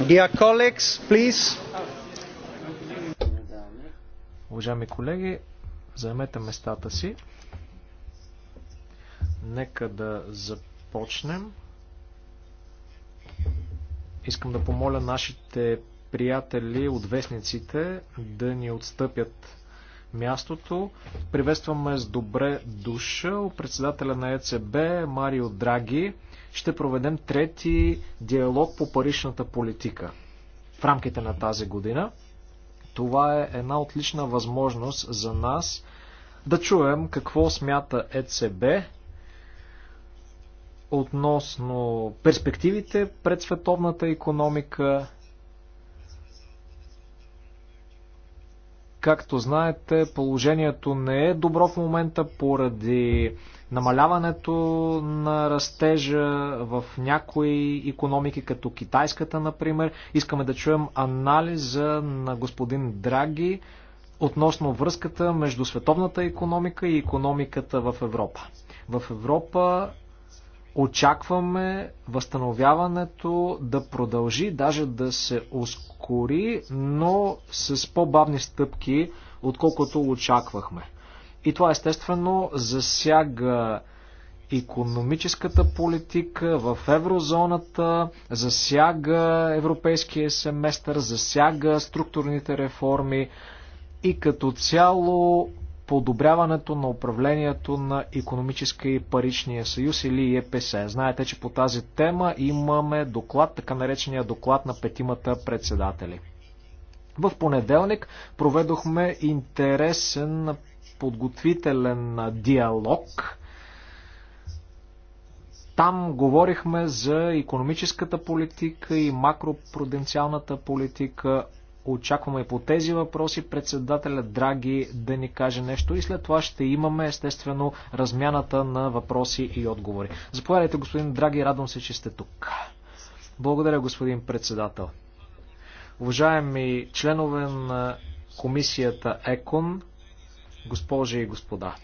Dear colleagues, please. Уважаеми колеги, заемете местата си. Нека да започнем. Искам да помоля нашите приятели от вестниците да ни отстъпят мястото. Приветстваме с добре душа у председателя на ЕЦБ Марио Драги. Ще проведем трети диалог по паричната политика в рамките на тази година. Това е една отлична възможност за нас да чуем какво смята ЕЦБ относно перспективите пред световната економика Както знаете, положението не е добро в момента поради намаляването на растежа в някои економики, като китайската, например. Искаме да чуем анализа на господин Драги относно връзката между световната економика и економиката в Европа. В Европа Очакваме възстановяването да продължи, даже да се ускори, но с по-бавни стъпки, отколкото очаквахме. И това естествено засяга економическата политика в еврозоната, засяга европейския семестър, засяга структурните реформи и като цяло подобряването на управлението на економическа и паричния съюз или ЕПС. Знаете, че по тази тема имаме доклад, така наречения доклад на петимата председатели. В понеделник проведохме интересен подготвителен диалог. Там говорихме за економическата политика и макропруденциалната политика, Очакваме и по тези въпроси председателя Драги да ни каже нещо и след това ще имаме естествено размяната на въпроси и отговори. Заповядайте, господин Драги, радвам се, че сте тук. Благодаря, господин председател. Уважаеми членове на комисията ЕКОН, госпожи и господа.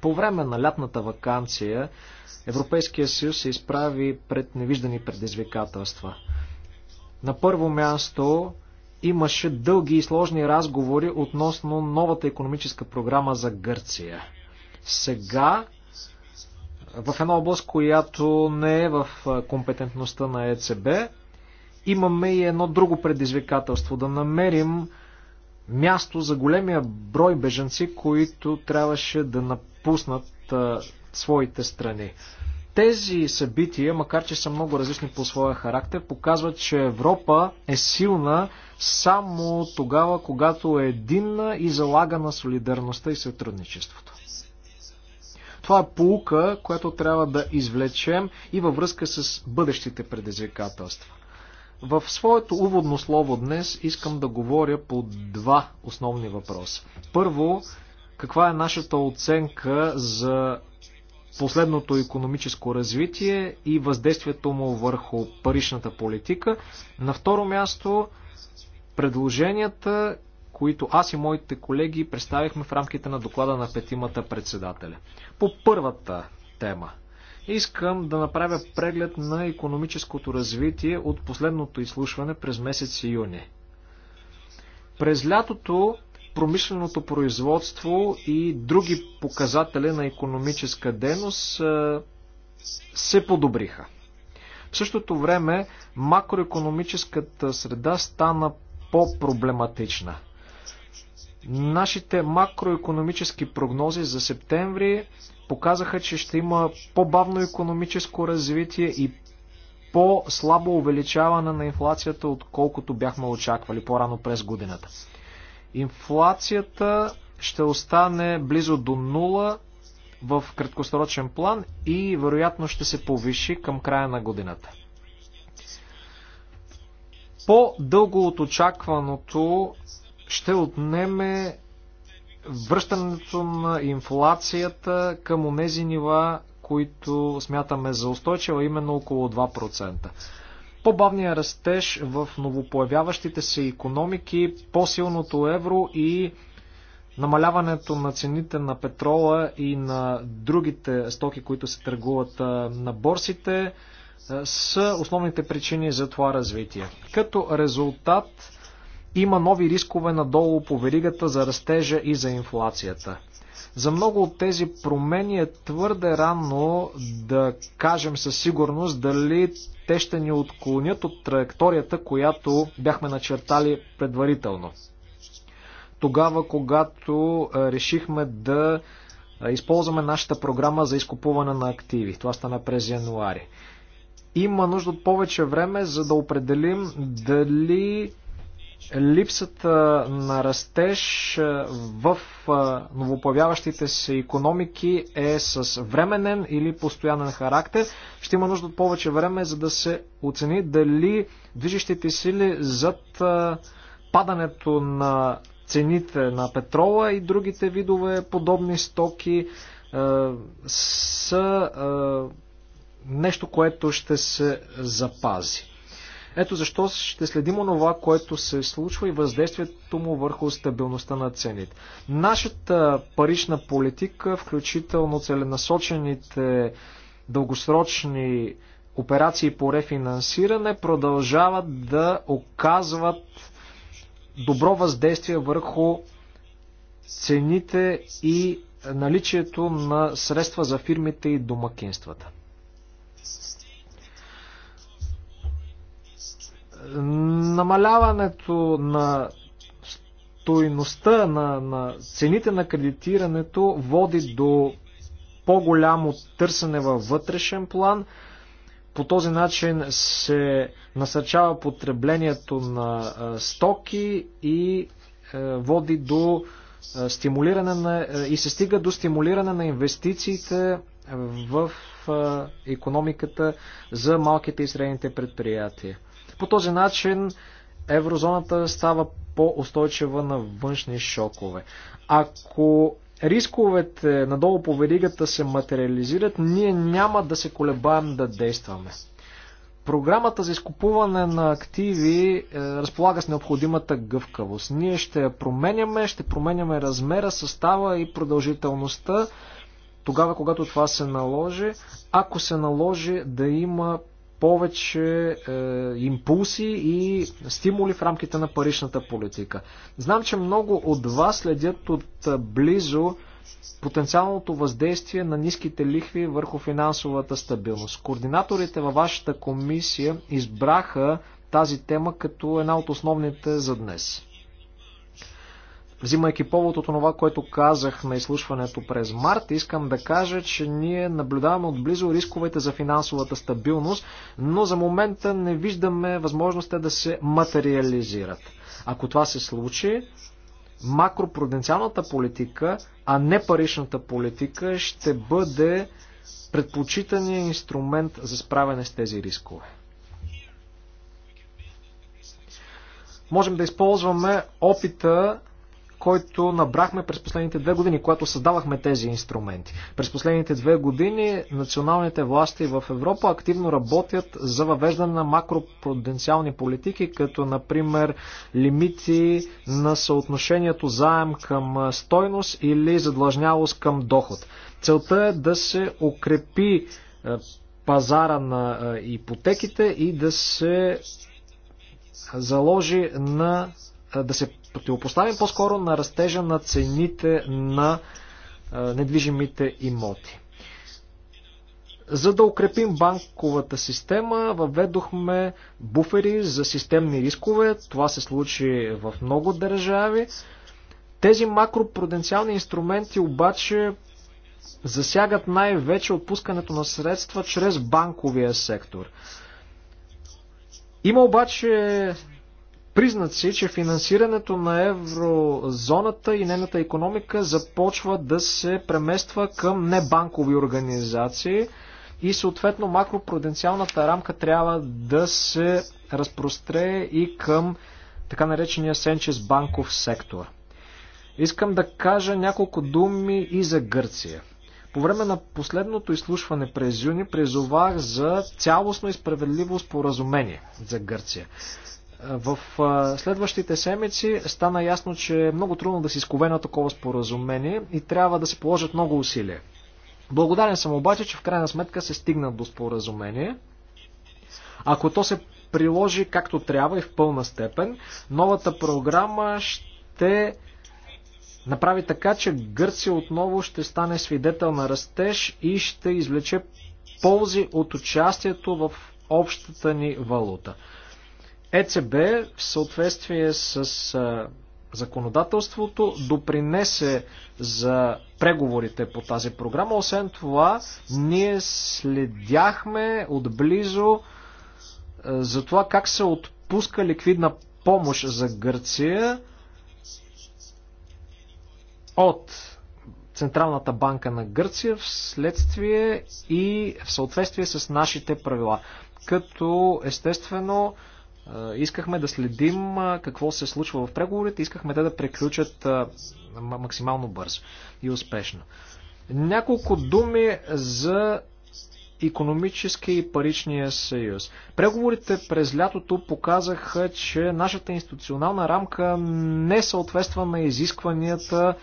По време на лятната вакансия Европейския съюз се изправи пред невиждани предизвикателства. На първо място имаше дълги и сложни разговори относно новата економическа програма за Гърция. Сега, в една област, която не е в компетентността на ЕЦБ, имаме и едно друго предизвикателство да намерим място за големия брой беженци, които трябваше да напуснат а, своите страни. Тези събития, макар че са много различни по своя характер, показват, че Европа е силна само тогава, когато е единна и залага на солидарността и сътрудничеството. Това е полука, която трябва да извлечем и във връзка с бъдещите предизвикателства. В своето уводно слово днес искам да говоря по два основни въпроса. Първо, каква е нашата оценка за последното економическо развитие и въздействието му върху паричната политика. На второ място, предложенията, които аз и моите колеги представихме в рамките на доклада на петимата председателя. По първата тема. Искам да направя преглед на економическото развитие от последното изслушване през месец юни. През лятото промишленото производство и други показатели на економическа дейност се подобриха. В същото време макроекономическата среда стана по-проблематична. Нашите макроекономически прогнози за септември показаха, че ще има по-бавно економическо развитие и по-слабо увеличаване на инфлацията, отколкото бяхме очаквали по-рано през годината. Инфлацията ще остане близо до нула в краткосрочен план и вероятно ще се повиши към края на годината по-дълго от очакваното ще отнеме връщането на инфлацията към онези нива, които смятаме за устойчива, именно около 2%. По-бавният растеж в новопоявяващите се економики, по-силното евро и намаляването на цените на петрола и на другите стоки, които се търгуват на борсите – са основните причини за това развитие. Като резултат има нови рискове надолу по веригата за растежа и за инфлацията. За много от тези промени е твърде рано да кажем със сигурност дали те ще ни отклонят от траекторията, която бяхме начертали предварително. Тогава, когато решихме да използваме нашата програма за изкупуване на активи. Това стана през януари. Има нужда от повече време, за да определим дали липсата на растеж в новоплавяващите се економики е с временен или постоянен характер. Ще има нужда от повече време, за да се оцени дали движещите сили зад падането на цените на петрола и другите видове подобни стоки са нещо, което ще се запази. Ето защо ще следим онова, което се случва и въздействието му върху стабилността на цените. Нашата парична политика, включително целенасочените дългосрочни операции по рефинансиране, продължават да оказват добро въздействие върху цените и наличието на средства за фирмите и домакинствата. Намаляването на стойността на, на цените на кредитирането води до по-голямо търсене във вътрешен план. По този начин се насърчава потреблението на стоки и води до стимулиране на, и се стига до стимулиране на инвестициите в економиката за малките и средните предприятия. По този начин еврозоната става по-устойчива на външни шокове. Ако рисковете надолу по веригата се материализират, ние няма да се колебаем да действаме. Програмата за изкупуване на активи е, разполага с необходимата гъвкавост. Ние ще я променяме, ще променяме размера, състава и продължителността тогава, когато това се наложи, ако се наложи да има повече е, импулси и стимули в рамките на паричната политика. Знам, че много от вас следят от е, близо потенциалното въздействие на ниските лихви върху финансовата стабилност. Координаторите във вашата комисия избраха тази тема като една от основните за днес. Взимайки повод от това, което казах на изслушването през март, искам да кажа, че ние наблюдаваме отблизо рисковете за финансовата стабилност, но за момента не виждаме възможността да се материализират. Ако това се случи, макропруденциалната политика, а не паричната политика, ще бъде предпочитания инструмент за справяне с тези рискове. Можем да използваме опита който набрахме през последните две години, когато създавахме тези инструменти. През последните две години националните власти в Европа активно работят за въвеждане на макропруденциални политики, като например лимити на съотношението заем към стойност или задлъжнялост към доход. Целта е да се укрепи пазара на ипотеките и да се заложи на да се противопоставим по-скоро на растежа на цените на недвижимите имоти. За да укрепим банковата система, въведохме буфери за системни рискове. Това се случи в много държави. Тези макропруденциални инструменти обаче засягат най-вече отпускането на средства чрез банковия сектор. Има обаче признаци, че финансирането на еврозоната и нейната економика започва да се премества към небанкови организации и съответно макропруденциалната рамка трябва да се разпростре и към така наречения сенчес банков сектор. Искам да кажа няколко думи и за Гърция. По време на последното изслушване през юни призовах за цялостно и справедливо споразумение за Гърция. В следващите седмици стана ясно, че е много трудно да се изкове на такова споразумение и трябва да се положат много усилия. Благодарен съм обаче, че в крайна сметка се стигна до споразумение. Ако то се приложи както трябва и в пълна степен, новата програма ще направи така, че Гърция отново ще стане свидетел на растеж и ще извлече ползи от участието в общата ни валута. ЕЦБ в съответствие с законодателството допринесе за преговорите по тази програма. Освен това, ние следяхме отблизо за това как се отпуска ликвидна помощ за Гърция от Централната банка на Гърция вследствие и в съответствие с нашите правила. Като естествено Искахме да следим какво се случва в преговорите, искахме те да приключат максимално бързо и успешно. Няколко думи за економически и паричния съюз. Преговорите през лятото показаха, че нашата институционална рамка не съответства на изискванията,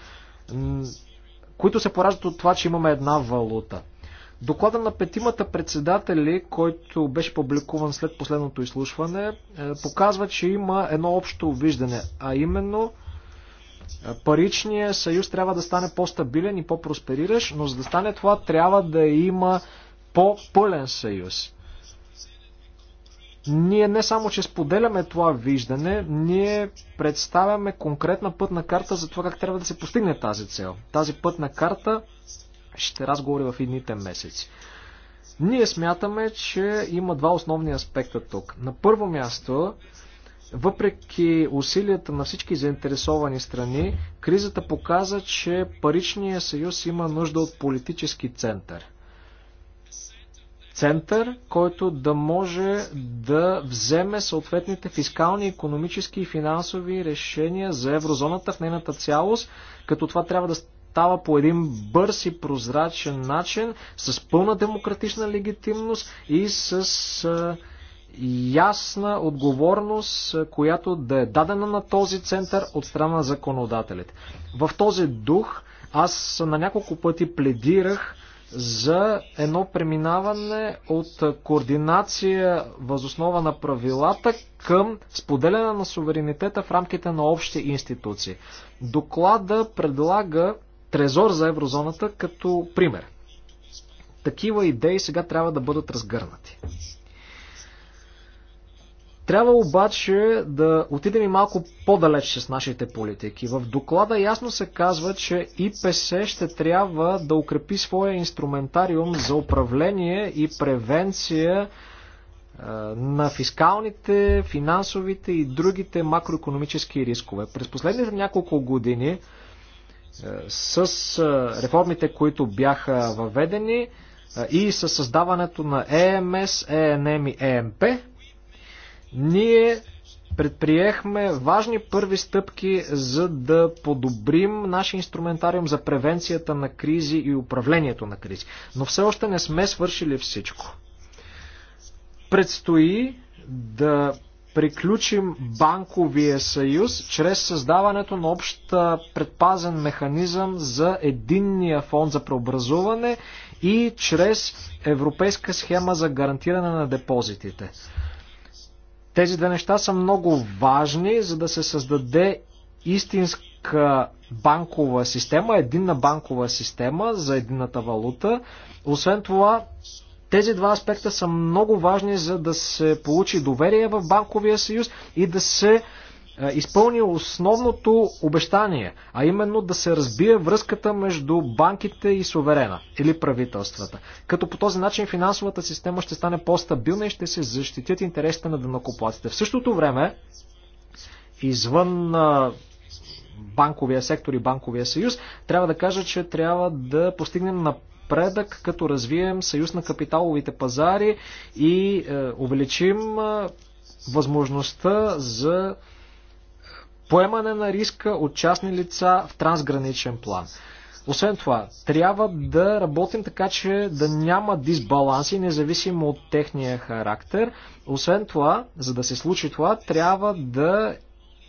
които се пораждат от това, че имаме една валута. Доклада на петимата председатели, който беше публикуван след последното изслушване, е, показва, че има едно общо виждане, а именно е, паричният съюз трябва да стане по-стабилен и по-проспериращ, но за да стане това трябва да има по-пълен съюз. Ние не само, че споделяме това виждане, ние представяме конкретна пътна карта за това как трябва да се постигне тази цел. Тази пътна карта ще разговори в едните месеци. Ние смятаме, че има два основни аспекта тук. На първо място, въпреки усилията на всички заинтересовани страни, кризата показа, че паричният съюз има нужда от политически център. Център, който да може да вземе съответните фискални, економически и финансови решения за еврозоната в нейната цялост, като това трябва да става по един бърз и прозрачен начин, с пълна демократична легитимност и с ясна отговорност, която да е дадена на този център от страна на законодателите. В този дух аз на няколко пъти пледирах за едно преминаване от координация възоснова на правилата към споделяне на суверенитета в рамките на общи институции. Доклада предлага трезор за еврозоната като пример. Такива идеи сега трябва да бъдат разгърнати. Трябва обаче да отидем и малко по-далеч с нашите политики. В доклада ясно се казва, че ИПС ще трябва да укрепи своя инструментариум за управление и превенция е, на фискалните, финансовите и другите макроекономически рискове. През последните няколко години е, с е, реформите, които бяха въведени е, и с създаването на ЕМС, ЕНМ и ЕМП, ние предприехме важни първи стъпки, за да подобрим нашия инструментариум за превенцията на кризи и управлението на кризи. Но все още не сме свършили всичко. Предстои да приключим банковия съюз чрез създаването на общ предпазен механизъм за единния фонд за преобразуване и чрез европейска схема за гарантиране на депозитите. Тези две неща са много важни, за да се създаде истинска банкова система, единна банкова система за едината валута. Освен това, тези два аспекта са много важни, за да се получи доверие в банковия съюз и да се е, изпълни основното обещание, а именно да се разбие връзката между банките и суверена или правителствата. Като по този начин финансовата система ще стане по-стабилна и ще се защитят интересите на дънакоплатите. В същото време, извън е, банковия сектор и банковия съюз, трябва да кажа, че трябва да постигнем на напредък, като развием съюз на капиталовите пазари и е, увеличим е, възможността за поемане на риска от частни лица в трансграничен план. Освен това, трябва да работим така, че да няма дисбаланси, независимо от техния характер. Освен това, за да се случи това, трябва да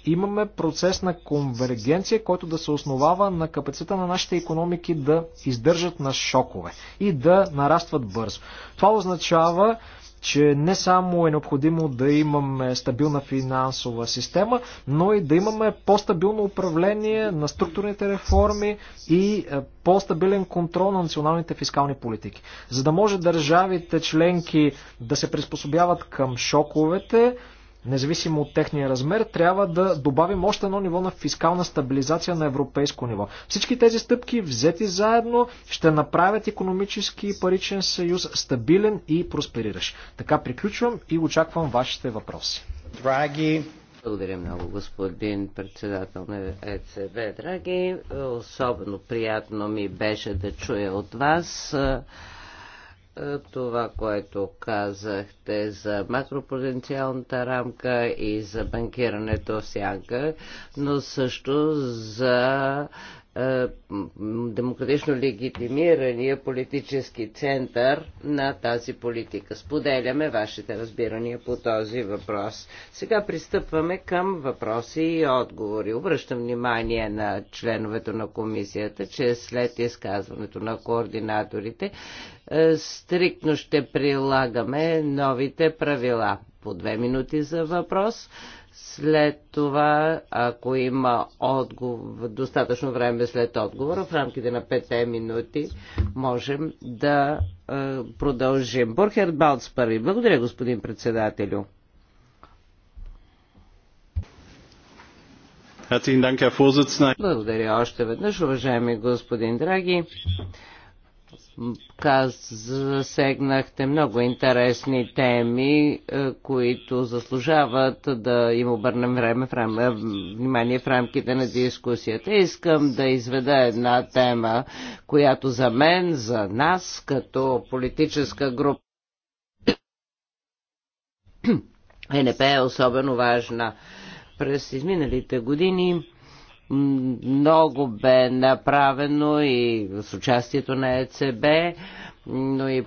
имаме процес на конвергенция, който да се основава на капацитета на нашите економики да издържат на шокове и да нарастват бързо. Това означава, че не само е необходимо да имаме стабилна финансова система, но и да имаме по-стабилно управление на структурните реформи и е, по-стабилен контрол на националните фискални политики. За да може държавите членки да се приспособяват към шоковете, независимо от техния размер, трябва да добавим още едно ниво на фискална стабилизация на европейско ниво. Всички тези стъпки, взети заедно, ще направят економически и паричен съюз стабилен и проспериращ. Така приключвам и очаквам вашите въпроси. Драги, благодаря много, господин председател на ЕЦБ, драги. Особено приятно ми беше да чуя от вас това, което казахте за макропотенциалната рамка и за банкирането в сянка, но също за е, демократично легитимирания политически център на тази политика. Споделяме вашите разбирания по този въпрос. Сега пристъпваме към въпроси и отговори. Обръщам внимание на членовете на комисията, че след изказването на координаторите е, стриктно ще прилагаме новите правила. По две минути за въпрос след това, ако има отговор, достатъчно време след отговора, в рамките на 5 минути, можем да е, продължим. Бурхерт Балц първи. Благодаря, господин председателю. Благодаря още веднъж, уважаеми господин Драги засегнахте много интересни теми, е, които заслужават да им обърнем време, е, внимание в рамките на дискусията. Искам да изведа една тема, която за мен, за нас като политическа група е НП е особено важна. През изминалите години много бе направено и с участието на ЕЦБ, но и,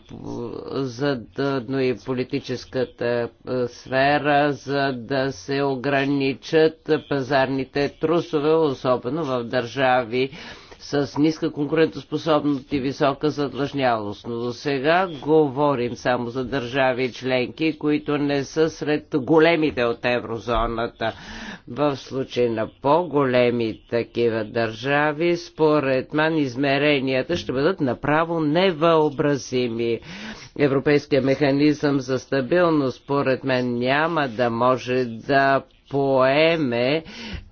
за да, но и политическата сфера, за да се ограничат пазарните трусове, особено в държави, с ниска конкурентоспособност и висока задлъжнявост. Но до сега говорим само за държави членки, които не са сред големите от еврозоната. В случай на по-големи такива държави, според мен измеренията ще бъдат направо невъобразими. Европейския механизъм за стабилност, според мен, няма да може да поеме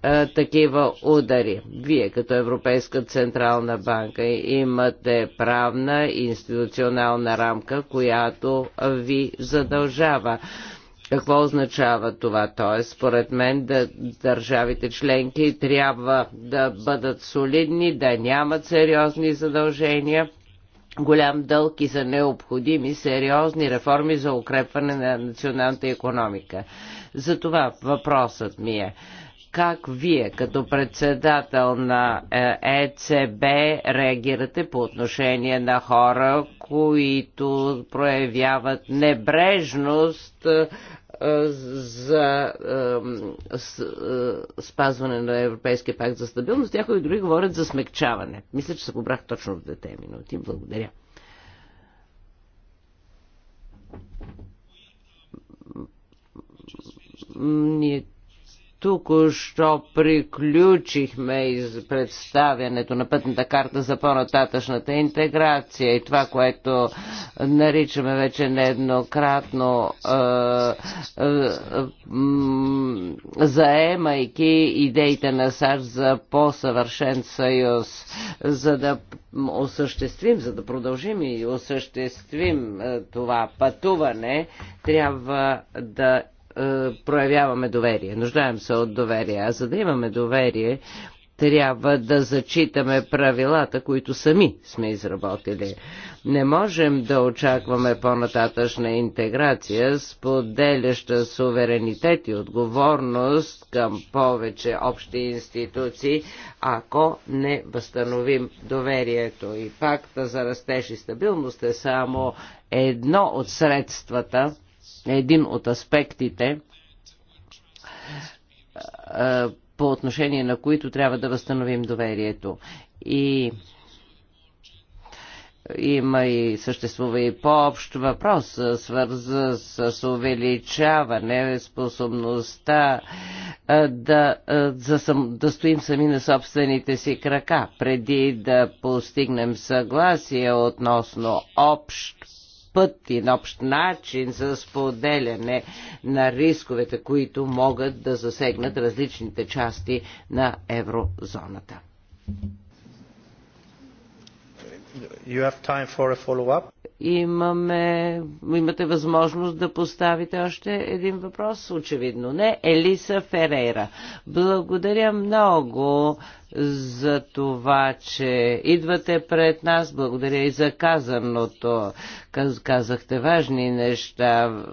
а, е, такива удари. Вие като Европейска Централна банка имате правна и институционална рамка, която ви задължава. Какво означава това? Тоест, според мен, да, държавите членки трябва да бъдат солидни, да нямат сериозни задължения, голям дълг и за необходими сериозни реформи за укрепване на националната економика. Затова въпросът ми е как вие като председател на ЕЦБ е реагирате по отношение на хора, които проявяват небрежност е, за е, спазване на Европейския пакт за стабилност. Някои други говорят за смекчаване. Мисля, че се побрах точно в двете минути. Благодаря. Ние Току-що приключихме из представянето на пътната карта за по-нататъчната интеграция и това, което наричаме вече нееднократно е, е, заемайки идеите на САЩ за по-съвършен съюз, за да осъществим, за да продължим и осъществим това пътуване, трябва да е, проявяваме доверие. Нуждаем се от доверие. А за да имаме доверие, трябва да зачитаме правилата, които сами сме изработили. Не можем да очакваме по-нататъчна интеграция, споделяща суверенитет и отговорност към повече общи институции, ако не възстановим доверието. И пакта за растеж и стабилност е само едно от средствата, един от аспектите, по отношение на които трябва да възстановим доверието. И има и съществува и по-общ въпрос, свърза с увеличаване способността да, за да стоим сами на собствените си крака, преди да постигнем съгласие относно общ път и на общ начин за споделяне на рисковете, които могат да засегнат различните части на еврозоната. You have time for a follow-up? имаме, имате възможност да поставите още един въпрос, очевидно. Не, Елиса Ферейра. Благодаря много за това, че идвате пред нас. Благодаря и за казаното. казахте важни неща,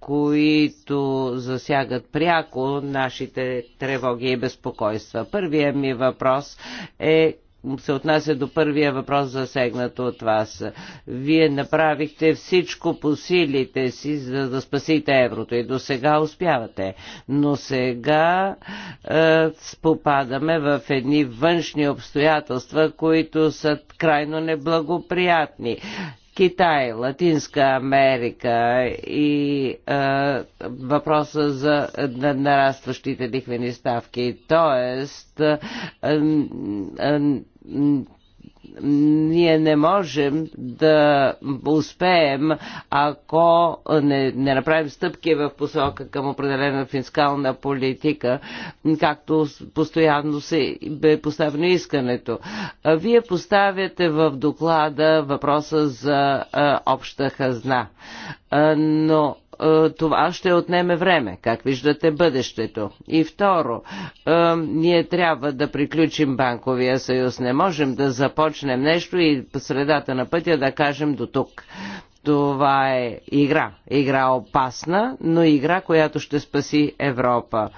които засягат пряко нашите тревоги и безпокойства. Първият ми въпрос е се отнася до първия въпрос засегнат от вас. Вие направихте всичко по силите си, за да спасите еврото и до сега успявате. Но сега е, попадаме в едни външни обстоятелства, които са крайно неблагоприятни. Китай, Латинска Америка и е, въпроса за на, нарастващите лихвени ставки. Тоест, е, е, ние не можем да успеем, ако не, не направим стъпки в посока към определена фискална политика, както постоянно се бе поставено искането. Вие поставяте в доклада въпроса за а, обща хазна, а, но е, това ще отнеме време. Как виждате бъдещето? И второ, е, ние трябва да приключим банковия съюз. Не можем да започнем нещо и по средата на пътя да кажем до тук. Това е игра. Игра опасна, но игра, която ще спаси Европа.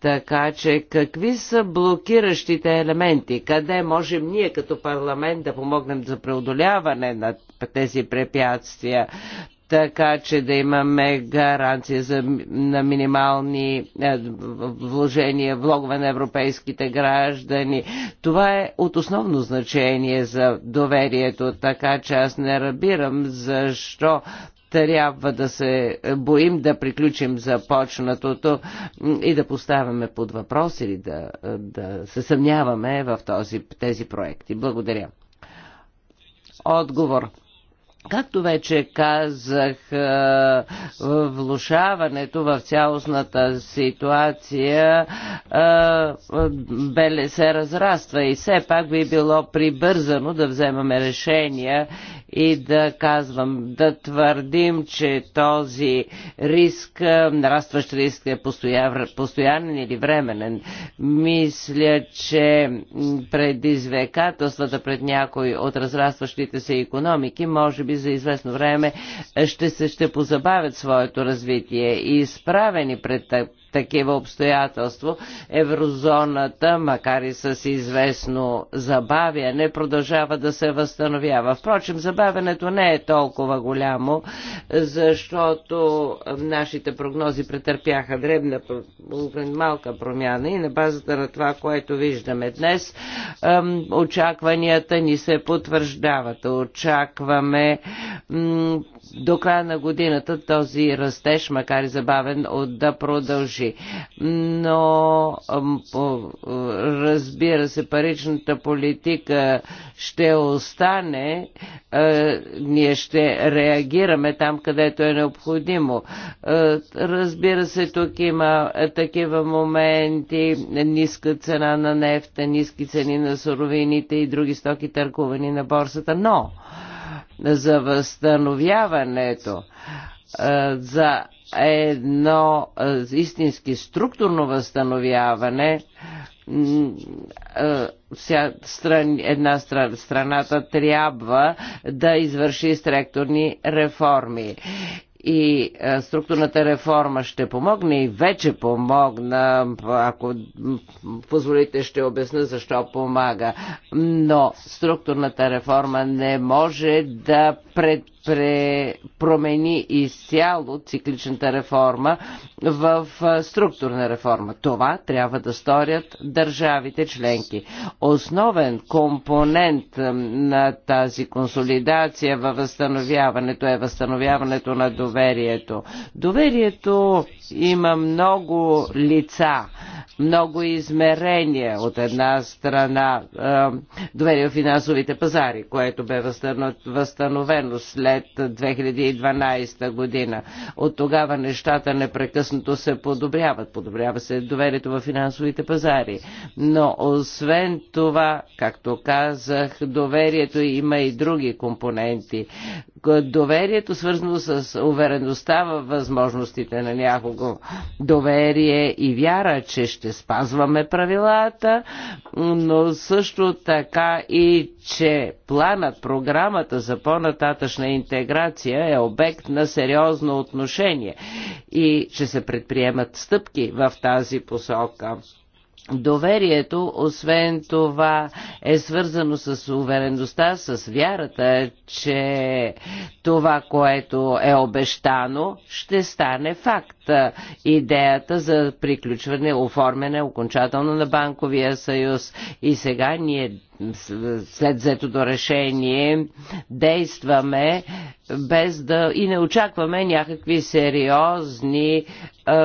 Така че какви са блокиращите елементи? Къде можем ние като парламент да помогнем за преодоляване на тези препятствия? така че да имаме гаранция за, на минимални е, вложения, влогове на европейските граждани. Това е от основно значение за доверието, така че аз не разбирам, защо трябва да се боим да приключим започнатото и да поставяме под въпрос или да, да се съмняваме в този, тези проекти. Благодаря. Отговор. Както вече казах, е, влушаването в цялостната ситуация е, беле се разраства и все пак би било прибързано да вземаме решения и да казвам, да твърдим, че този риск, е, нарастващ риск е постоянен или временен. Мисля, че предизвикателствата пред някои от разрастващите се економики може би за известно време ще се ще позабавят своето развитие и изправени пред такива обстоятелства, еврозоната, макар и с известно забавяне, продължава да се възстановява. Впрочем, забавянето не е толкова голямо, защото нашите прогнози претърпяха дребна, малка промяна и на базата на това, което виждаме днес, очакванията ни се потвърждават. Очакваме до края на годината този растеж, макар и забавен, да продължи случи. Но разбира се, паричната политика ще остане. Ние ще реагираме там, където е необходимо. Разбира се, тук има такива моменти, ниска цена на нефта, ниски цени на суровините и други стоки търкувани на борсата, но за възстановяването е, за едно е, истински структурно възстановяване е, една страната трябва да извърши структурни реформи и структурната реформа ще помогне и вече помогна, ако позволите ще обясня защо помага, но структурната реформа не може да пред пре, промени изцяло цикличната реформа в структурна реформа. Това трябва да сторят държавите членки. Основен компонент на тази консолидация във възстановяването е възстановяването на доверието. Доверието има много лица, много измерения от една страна доверие в финансовите пазари, което бе възстановено след 2012 година. От тогава нещата непрекъснато се подобряват. Подобрява се доверието в финансовите пазари. Но освен това, както казах, доверието има и други компоненти доверието, свързано с увереността във възможностите на някого. Доверие и вяра, че ще спазваме правилата, но също така и, че планът, програмата за по-нататъчна интеграция е обект на сериозно отношение и че се предприемат стъпки в тази посока. Доверието, освен това, е свързано с увереността, с вярата, че това, което е обещано, ще стане факт. Идеята за приключване, оформяне окончателно на банковия съюз. И сега ние след взетото решение действаме без да и не очакваме някакви сериозни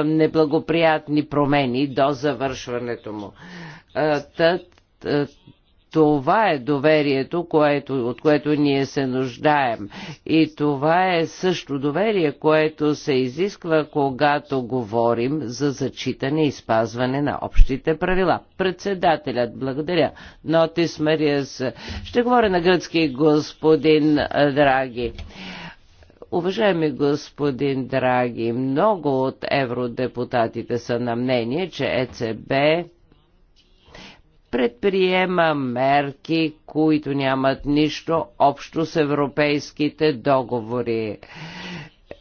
неблагоприятни промени до завършването му. Това е доверието, което, от което ние се нуждаем. И това е също доверие, което се изисква, когато говорим за зачитане и спазване на общите правила. Председателят, благодаря. Нотис Мариас. Ще говоря на гръцки господин Драги. Уважаеми господин Драги, много от евродепутатите са на мнение, че ЕЦБ предприема мерки, които нямат нищо общо с европейските договори.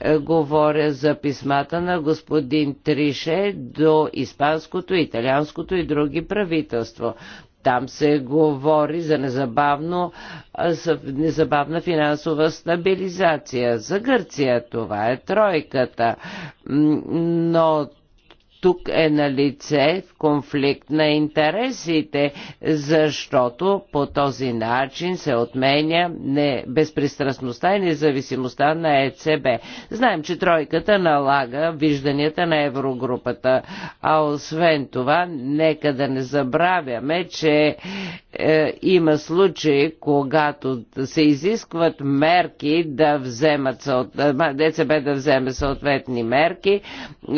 Е, говоря за писмата на господин Трише до испанското, италианското и други правителство. Там се говори за незабавно, незабавна финансова стабилизация. За Гърция това е тройката. Но тук е на лице в конфликт на интересите, защото по този начин се отменя не, безпристрастността и независимостта на ЕЦБ. Знаем, че тройката налага вижданията на Еврогрупата, а освен това, нека да не забравяме, че е, има случаи, когато се изискват мерки да вземат, ЕЦБ да вземе съответни мерки,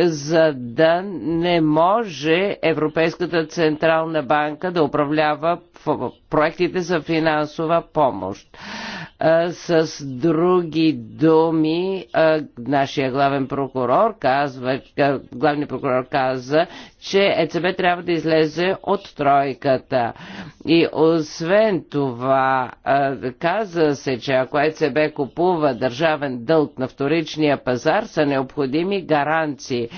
за да не може Европейската централна банка да управлява проектите за финансова помощ. С други думи, нашия главен прокурор казва, главният прокурор каза, че ЕЦБ трябва да излезе от тройката. И освен това, каза се, че ако ЕЦБ купува държавен дълг на вторичния пазар, са необходими гаранции.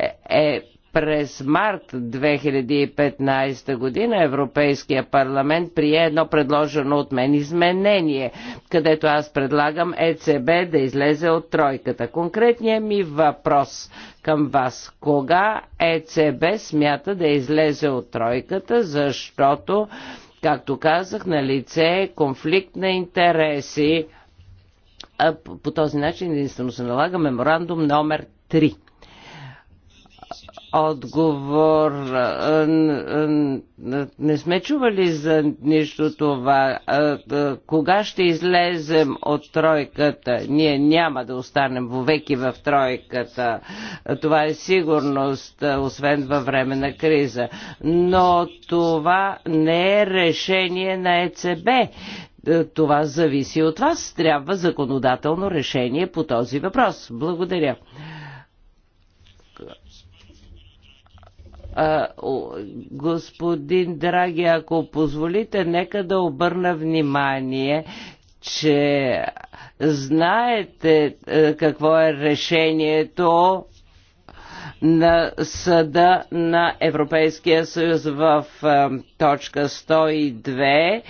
Е, е през март 2015 година Европейския парламент прие едно предложено от мен изменение, където аз предлагам ЕЦБ да излезе от тройката. Конкретният ми въпрос към вас. Кога ЕЦБ смята да излезе от тройката, защото, както казах, на лице е конфликт на интереси. А по този начин единствено се налага меморандум номер 3 отговор. Не сме чували за нищо това. Кога ще излезем от тройката? Ние няма да останем вовеки в тройката. Това е сигурност, освен във време на криза. Но това не е решение на ЕЦБ. Това зависи от вас. Трябва законодателно решение по този въпрос. Благодаря. господин Драги, ако позволите, нека да обърна внимание, че знаете е, какво е решението на съда на Европейския съюз в е, точка 102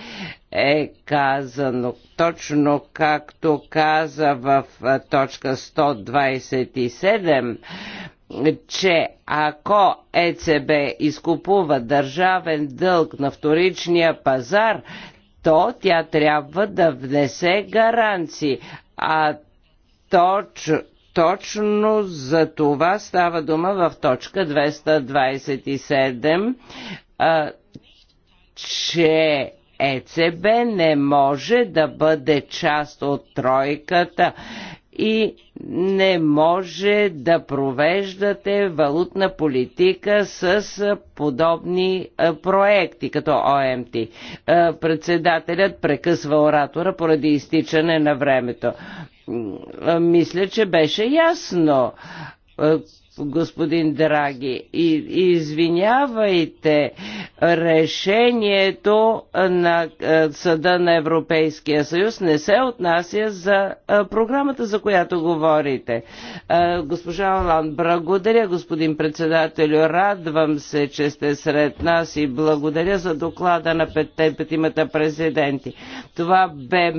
е казано точно както каза в е, точка 127 че ако ЕЦБ изкупува държавен дълг на вторичния пазар, то тя трябва да внесе гаранции. А точ, точно за това става дума в точка 227, а, че ЕЦБ не може да бъде част от тройката и не може да провеждате валутна политика с подобни проекти, като ОМТ. Председателят прекъсва оратора поради изтичане на времето. Мисля, че беше ясно господин Драги. И, извинявайте, решението на е, Съда на Европейския съюз не се отнася за е, програмата, за която говорите. Е, госпожа Олан, благодаря, господин председателю. Радвам се, че сте сред нас и благодаря за доклада на петте петимата президенти. Това бе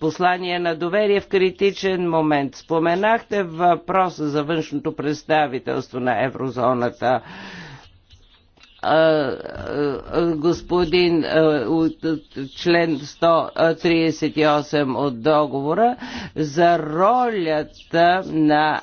послание на доверие в критичен момент. Споменахте въпроса за външното представление представителство на еврозоната господин член 138 от договора за ролята на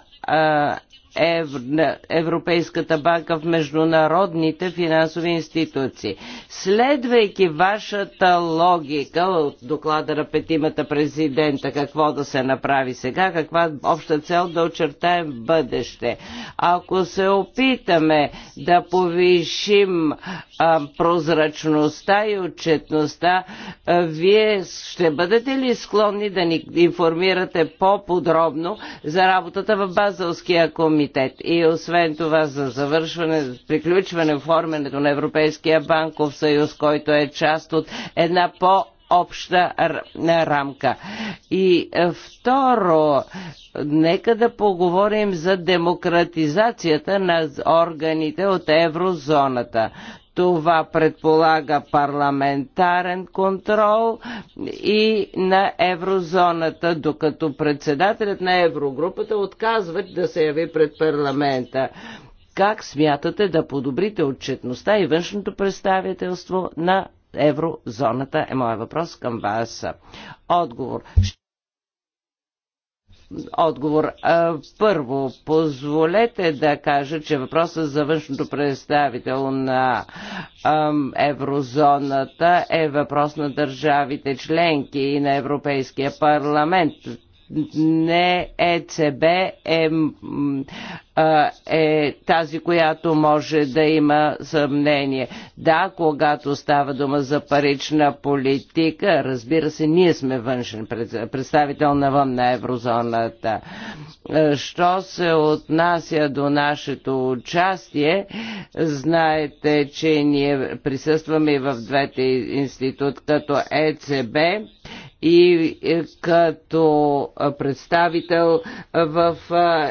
Европейската банка в международните финансови институции. Следвайки вашата логика от доклада на петимата президента, какво да се направи сега, каква обща цел да очертаем бъдеще. Ако се опитаме да повишим а, прозрачността и отчетността, а, вие ще бъдете ли склонни да ни информирате по-подробно за работата в Базълския комитет? комитет. И освен това за завършване, приключване оформянето на Европейския банков съюз, който е част от една по обща рамка. И е, второ, нека да поговорим за демократизацията на органите от еврозоната. Това предполага парламентарен контрол и на еврозоната, докато председателят на еврогрупата отказва да се яви пред парламента. Как смятате да подобрите отчетността и външното представителство на еврозоната? Е моят въпрос към вас. Отговор отговор. Първо, позволете да кажа, че въпросът за външното представител на еврозоната е въпрос на държавите членки и на Европейския парламент не ЕЦБ е е тази, която може да има съмнение. Да, когато става дума за парична политика, разбира се, ние сме външен представител навън на еврозоната. Що се отнася до нашето участие, знаете, че ние присъстваме и в двете институт като ЕЦБ и е, като представител в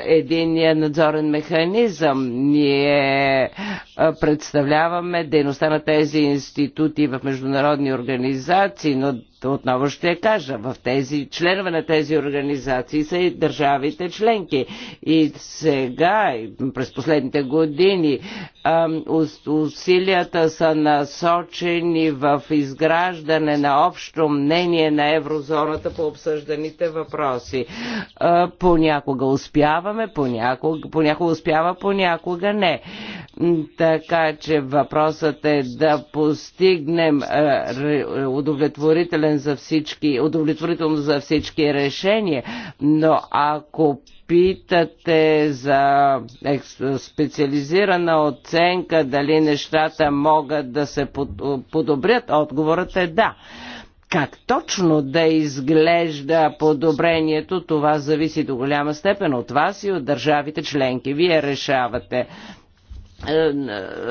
единия надзор надзорен механизъм. Ние представляваме дейността на тези институти в международни организации, но отново ще кажа, в тези членове на тези организации са и държавите членки. И сега, през последните години, усилията са насочени в изграждане на общо мнение на еврозоната по обсъжданите въпроси. Понякога успяваме, понякога, понякога успява, понякога не. Така че въпросът е да постигнем удовлетворителен удовлетворен за всички, удовлетворително за всички решения, но ако питате за специализирана оценка дали нещата могат да се подобрят, отговорът е да. Как точно да изглежда подобрението, това зависи до голяма степен от вас и от държавите членки. Вие решавате. Е,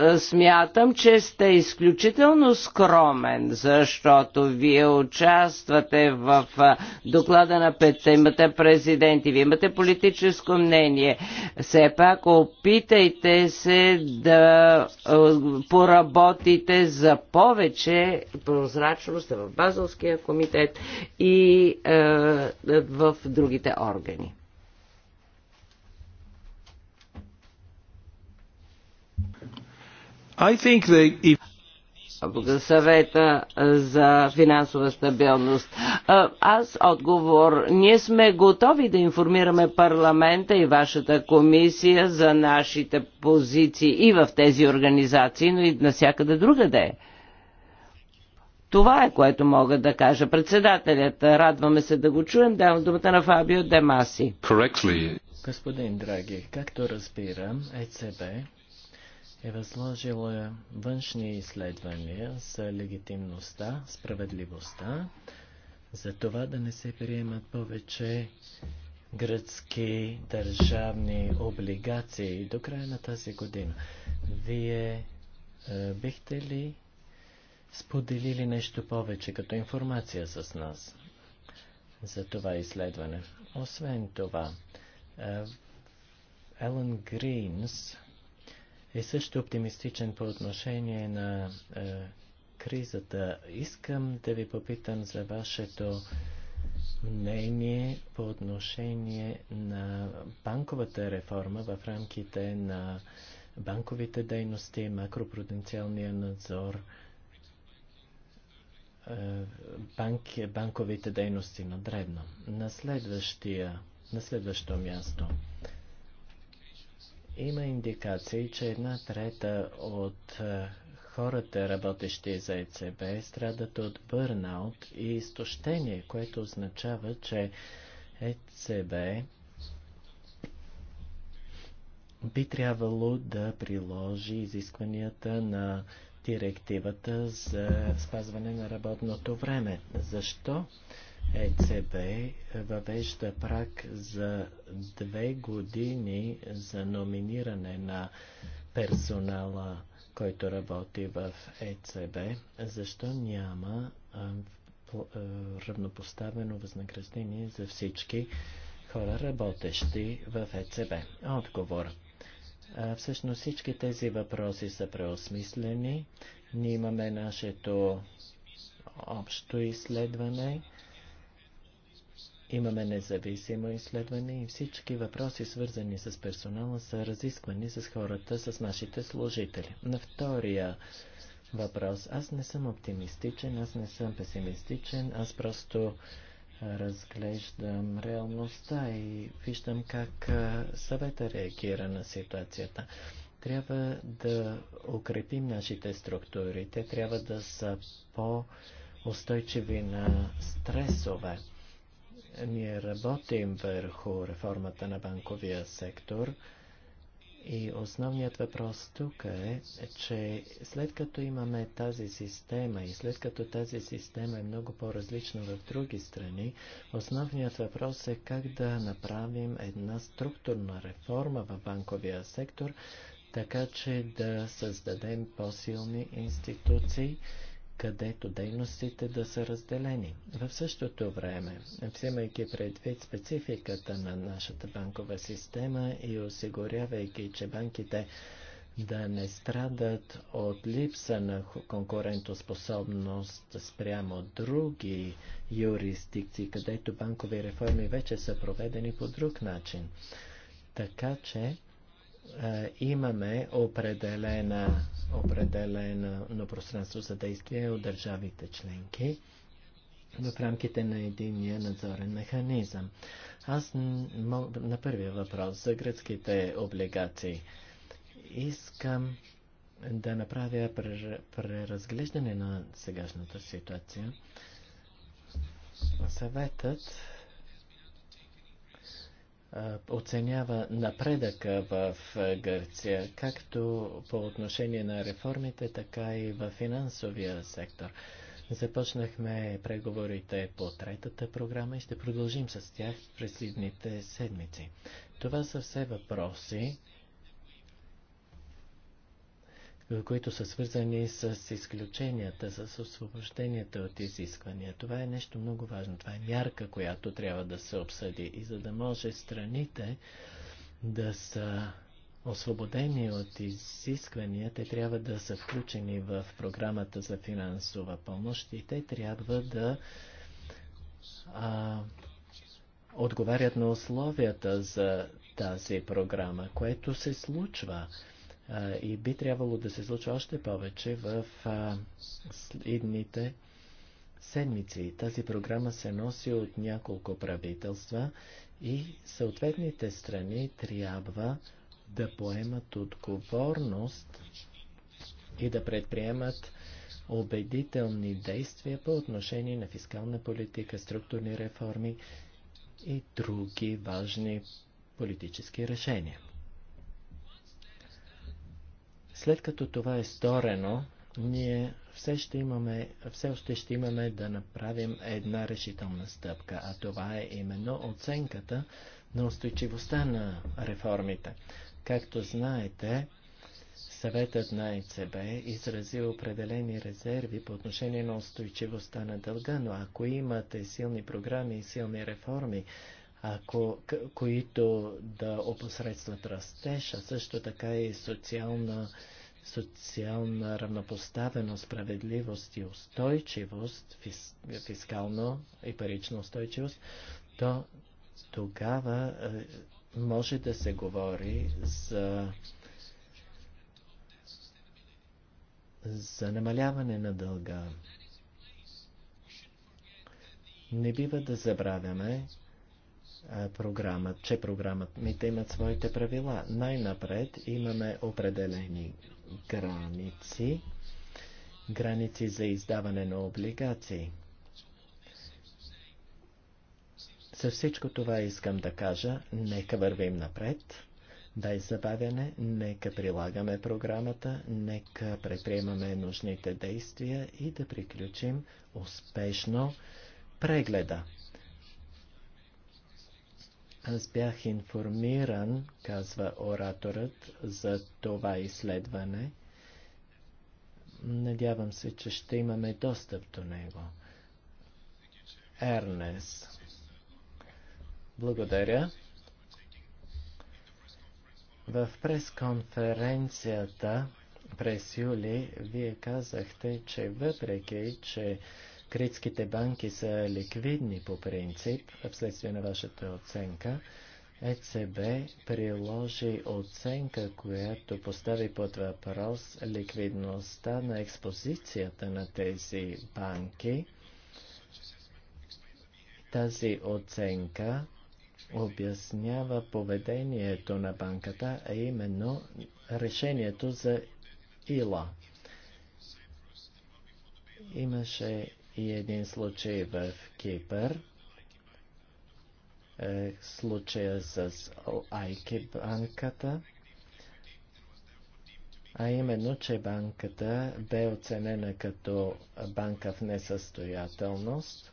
е, смятам, че сте изключително скромен, защото вие участвате в е, доклада на петимата президенти. Вие имате политическо мнение. Все пак опитайте се да поработите за повече прозрачност в Базовския комитет и в другите органи. съвета за финансова стабилност. Аз отговор. Ние сме готови да информираме парламента и вашата комисия за нашите позиции и в тези организации, но и навсякъде другаде. Това е което мога да кажа. Председателят, радваме се да го чуем. Давам думата на Фабио Демаси. Господин Драги, както разбирам, ЕЦБ е възложила външни изследвания за легитимността, справедливостта, за това да не се приемат повече гръцки държавни облигации до края на тази година. Вие е, бихте ли споделили нещо повече като информация с нас за това изследване? Освен това, Елен Гринс е също оптимистичен по отношение на е, кризата. Искам да ви попитам за вашето мнение по отношение на банковата реформа в рамките на банковите дейности, макропруденциалния надзор, е, банк, банковите дейности на дребно. На, следващия, на следващо място има индикации, че една трета от е, хората, работещи за ЕЦБ, страдат от бърнаут и изтощение, което означава, че ЕЦБ би трябвало да приложи изискванията на директивата за спазване на работното време. Защо ЕЦБ въвежда прак за две години за номиниране на персонала, който работи в ЕЦБ. Защо няма равнопоставено възнаграждение за всички хора, работещи в ЕЦБ? Отговор. Всъщност всички тези въпроси са преосмислени. Ние имаме нашето общо изследване Имаме независимо изследване и всички въпроси, свързани с персонала, са разисквани с хората, с нашите служители. На втория въпрос. Аз не съм оптимистичен, аз не съм песимистичен, аз просто разглеждам реалността и виждам как съвета реагира на ситуацията. Трябва да укрепим нашите структури. Те трябва да са по-устойчиви на стресове. Ние работим върху реформата на банковия сектор. И основният въпрос тук е, че след като имаме тази система и след като тази система е много по-различна в други страни, основният въпрос е как да направим една структурна реформа в банковия сектор, така че да създадем по-силни институции където дейностите да са разделени. В същото време, вземайки предвид спецификата на нашата банкова система и осигурявайки, че банките да не страдат от липса на конкурентоспособност спрямо други юрисдикции, където банкови реформи вече са проведени по друг начин. Така че е, имаме определена, определено пространство за действие от държавите членки в рамките на единния надзорен механизъм. Аз на първия въпрос за гръцките облигации искам да направя преразглеждане на сегашната ситуация. Съветът оценява напредъка в Гърция, както по отношение на реформите, така и в финансовия сектор. Започнахме преговорите по третата програма и ще продължим с тях през следните седмици. Това са все въпроси, които са свързани с изключенията, с освобожденията от изисквания. Това е нещо много важно. Това е мярка, която трябва да се обсъди. И за да може страните да са освободени от изисквания, те трябва да са включени в програмата за финансова помощ и те трябва да а, отговарят на условията за тази програма, което се случва и би трябвало да се случва още повече в следните седмици. Тази програма се носи от няколко правителства и съответните страни трябва да поемат отговорност и да предприемат убедителни действия по отношение на фискална политика, структурни реформи и други важни политически решения. След като това е сторено, ние все, ще имаме, все още ще имаме да направим една решителна стъпка, а това е именно оценката на устойчивостта на реформите. Както знаете, съветът на ЕЦБ изрази определени резерви по отношение на устойчивостта на дълга, но ако имате силни програми и силни реформи, ако, които да опосредстват растеж, а също така и социална, социална равнопоставеност, справедливост и устойчивост, фис, фискално и парична устойчивост, то тогава е, може да се говори за за намаляване на дълга. Не бива да забравяме, е, програма, че програмите имат своите правила. Най-напред имаме определени граници, граници за издаване на облигации. За всичко това искам да кажа, нека вървим напред, дай забавяне, нека прилагаме програмата, нека предприемаме нужните действия и да приключим успешно прегледа. Аз бях информиран, казва ораторът, за това изследване. Надявам се, че ще имаме достъп до него. Ернес. Благодаря. В пресконференцията през юли вие казахте, че въпреки, че Критските банки са ликвидни по принцип, вследствие на вашата оценка. ЕЦБ приложи оценка, която постави под въпрос ликвидността на експозицията на тези банки. Тази оценка обяснява поведението на банката, а именно решението за ИЛА. Имаше и един случай в Кипър. Е, случая с Айки банката, а именно, че банката бе оценена като банка в несъстоятелност,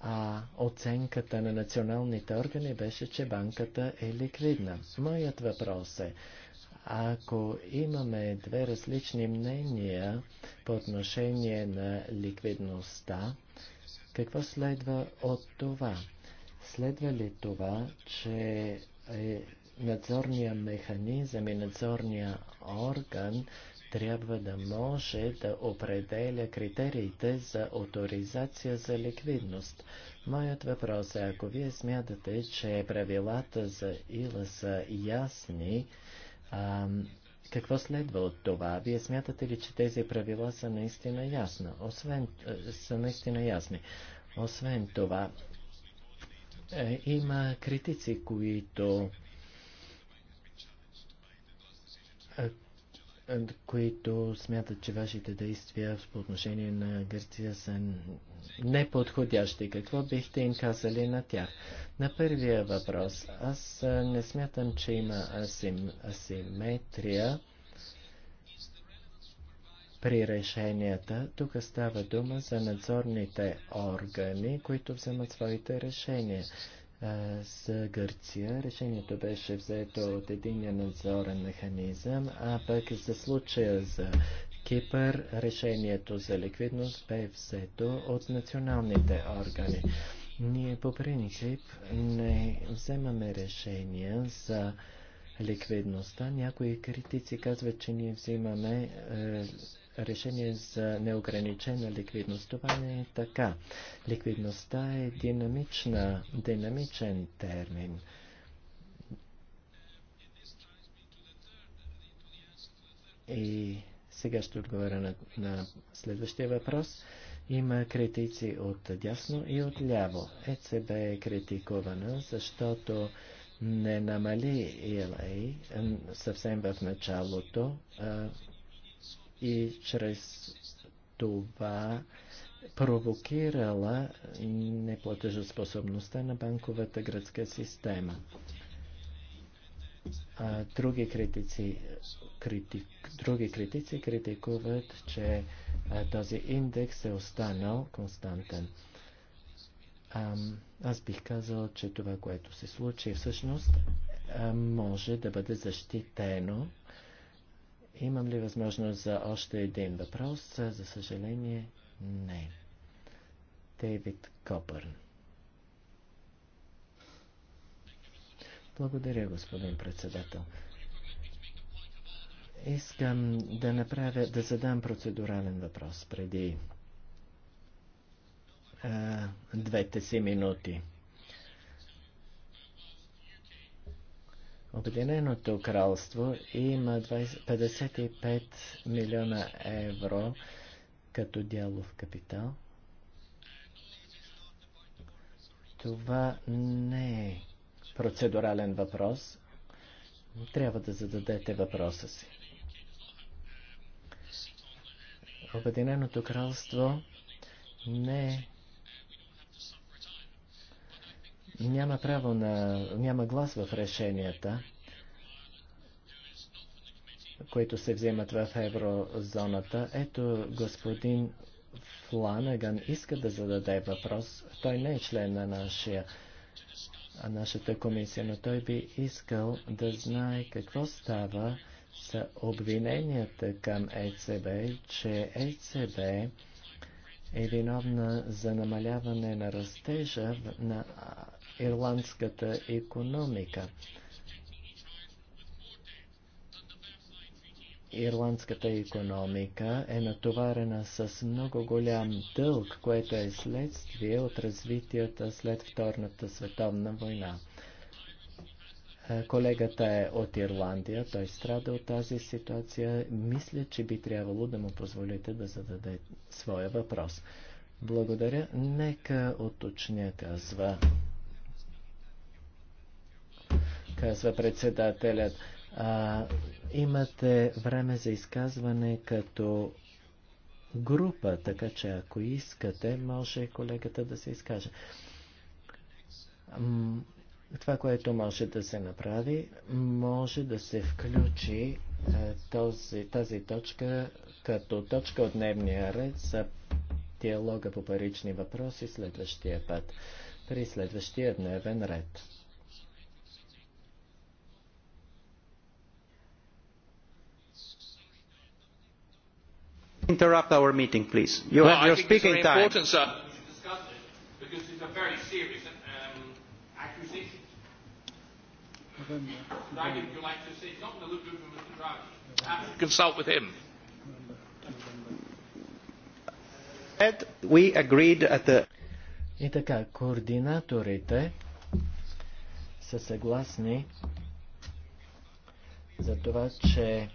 а оценката на националните органи беше, че банката е ликвидна. Моят въпрос е, ако имаме две различни мнения по отношение на ликвидността, какво следва от това? Следва ли това, че е надзорния механизъм и надзорния орган трябва да може да определя критериите за авторизация за ликвидност. Моят въпрос е, ако вие смятате, че правилата за ИЛА са ясни, а, какво следва от това? Вие смятате ли, че тези правила са наистина ясни? Освен, е, са наистина ясни. Освен това, е, има критици, които е, които смятат, че вашите действия по отношение на Гърция са неподходящи. Какво бихте им казали на тях? На първия въпрос. Аз не смятам, че има асим, асиметрия при решенията. Тук става дума за надзорните органи, които вземат своите решения с Гърция. Решението беше взето от единия надзорен механизъм, а пък за случая за Кипър решението за ликвидност бе взето от националните органи. Ние по принцип не вземаме решения за ликвидността. Някои критици казват, че ние взимаме е, решение за неограничена ликвидност. Това не е така. Ликвидността е динамична, динамичен термин. И сега ще отговоря на, на следващия въпрос. Има критици от дясно и от ляво. ЕЦБ е критикувана, защото не намали ELA съвсем в началото и чрез това провокирала неплатежоспособността на банковата гръцка система. А други, критици, критик, други критици критикуват, че а, този индекс е останал константен. А, аз бих казал, че това, което се случи всъщност а, може да бъде защитено Имам ли възможност за още един въпрос? За съжаление, не. Дейвид Копърн. Благодаря, господин председател. Искам да направя, да задам процедурален въпрос преди а, двете си минути. Обединеното кралство има 20, 55 милиона евро като дялов капитал. Това не е процедурален въпрос. Трябва да зададете въпроса си. Обединеното кралство не е няма право на, няма глас в решенията, които се вземат в еврозоната. Ето господин Фланаган иска да зададе въпрос. Той не е член на нашия, нашата комисия, но той би искал да знае какво става с обвиненията към ЕЦБ, че ЕЦБ е виновна за намаляване на растежа на ирландската економика. Ирландската економика е натоварена с много голям дълг, което е следствие от развитията след Втората световна война. Е, колегата е от Ирландия, той страда от тази ситуация. Мисля, че би трябвало да му позволите да зададе своя въпрос. Благодаря. Нека уточня, казва казва председателят. А, имате време за изказване като група, така че ако искате, може колегата да се изкаже. Това, което може да се направи, може да се включи е, този, тази точка като точка от дневния ред за диалога по парични въпроси следващия път, при следващия дневен ред. Interrupt our meeting, please. You well, have your speaking time. Important, sir. Because it's a very serious um, accusation. like not going to look for Mr. Have to consult with him we agreed at the... И така, координаторите са съгласни за това, че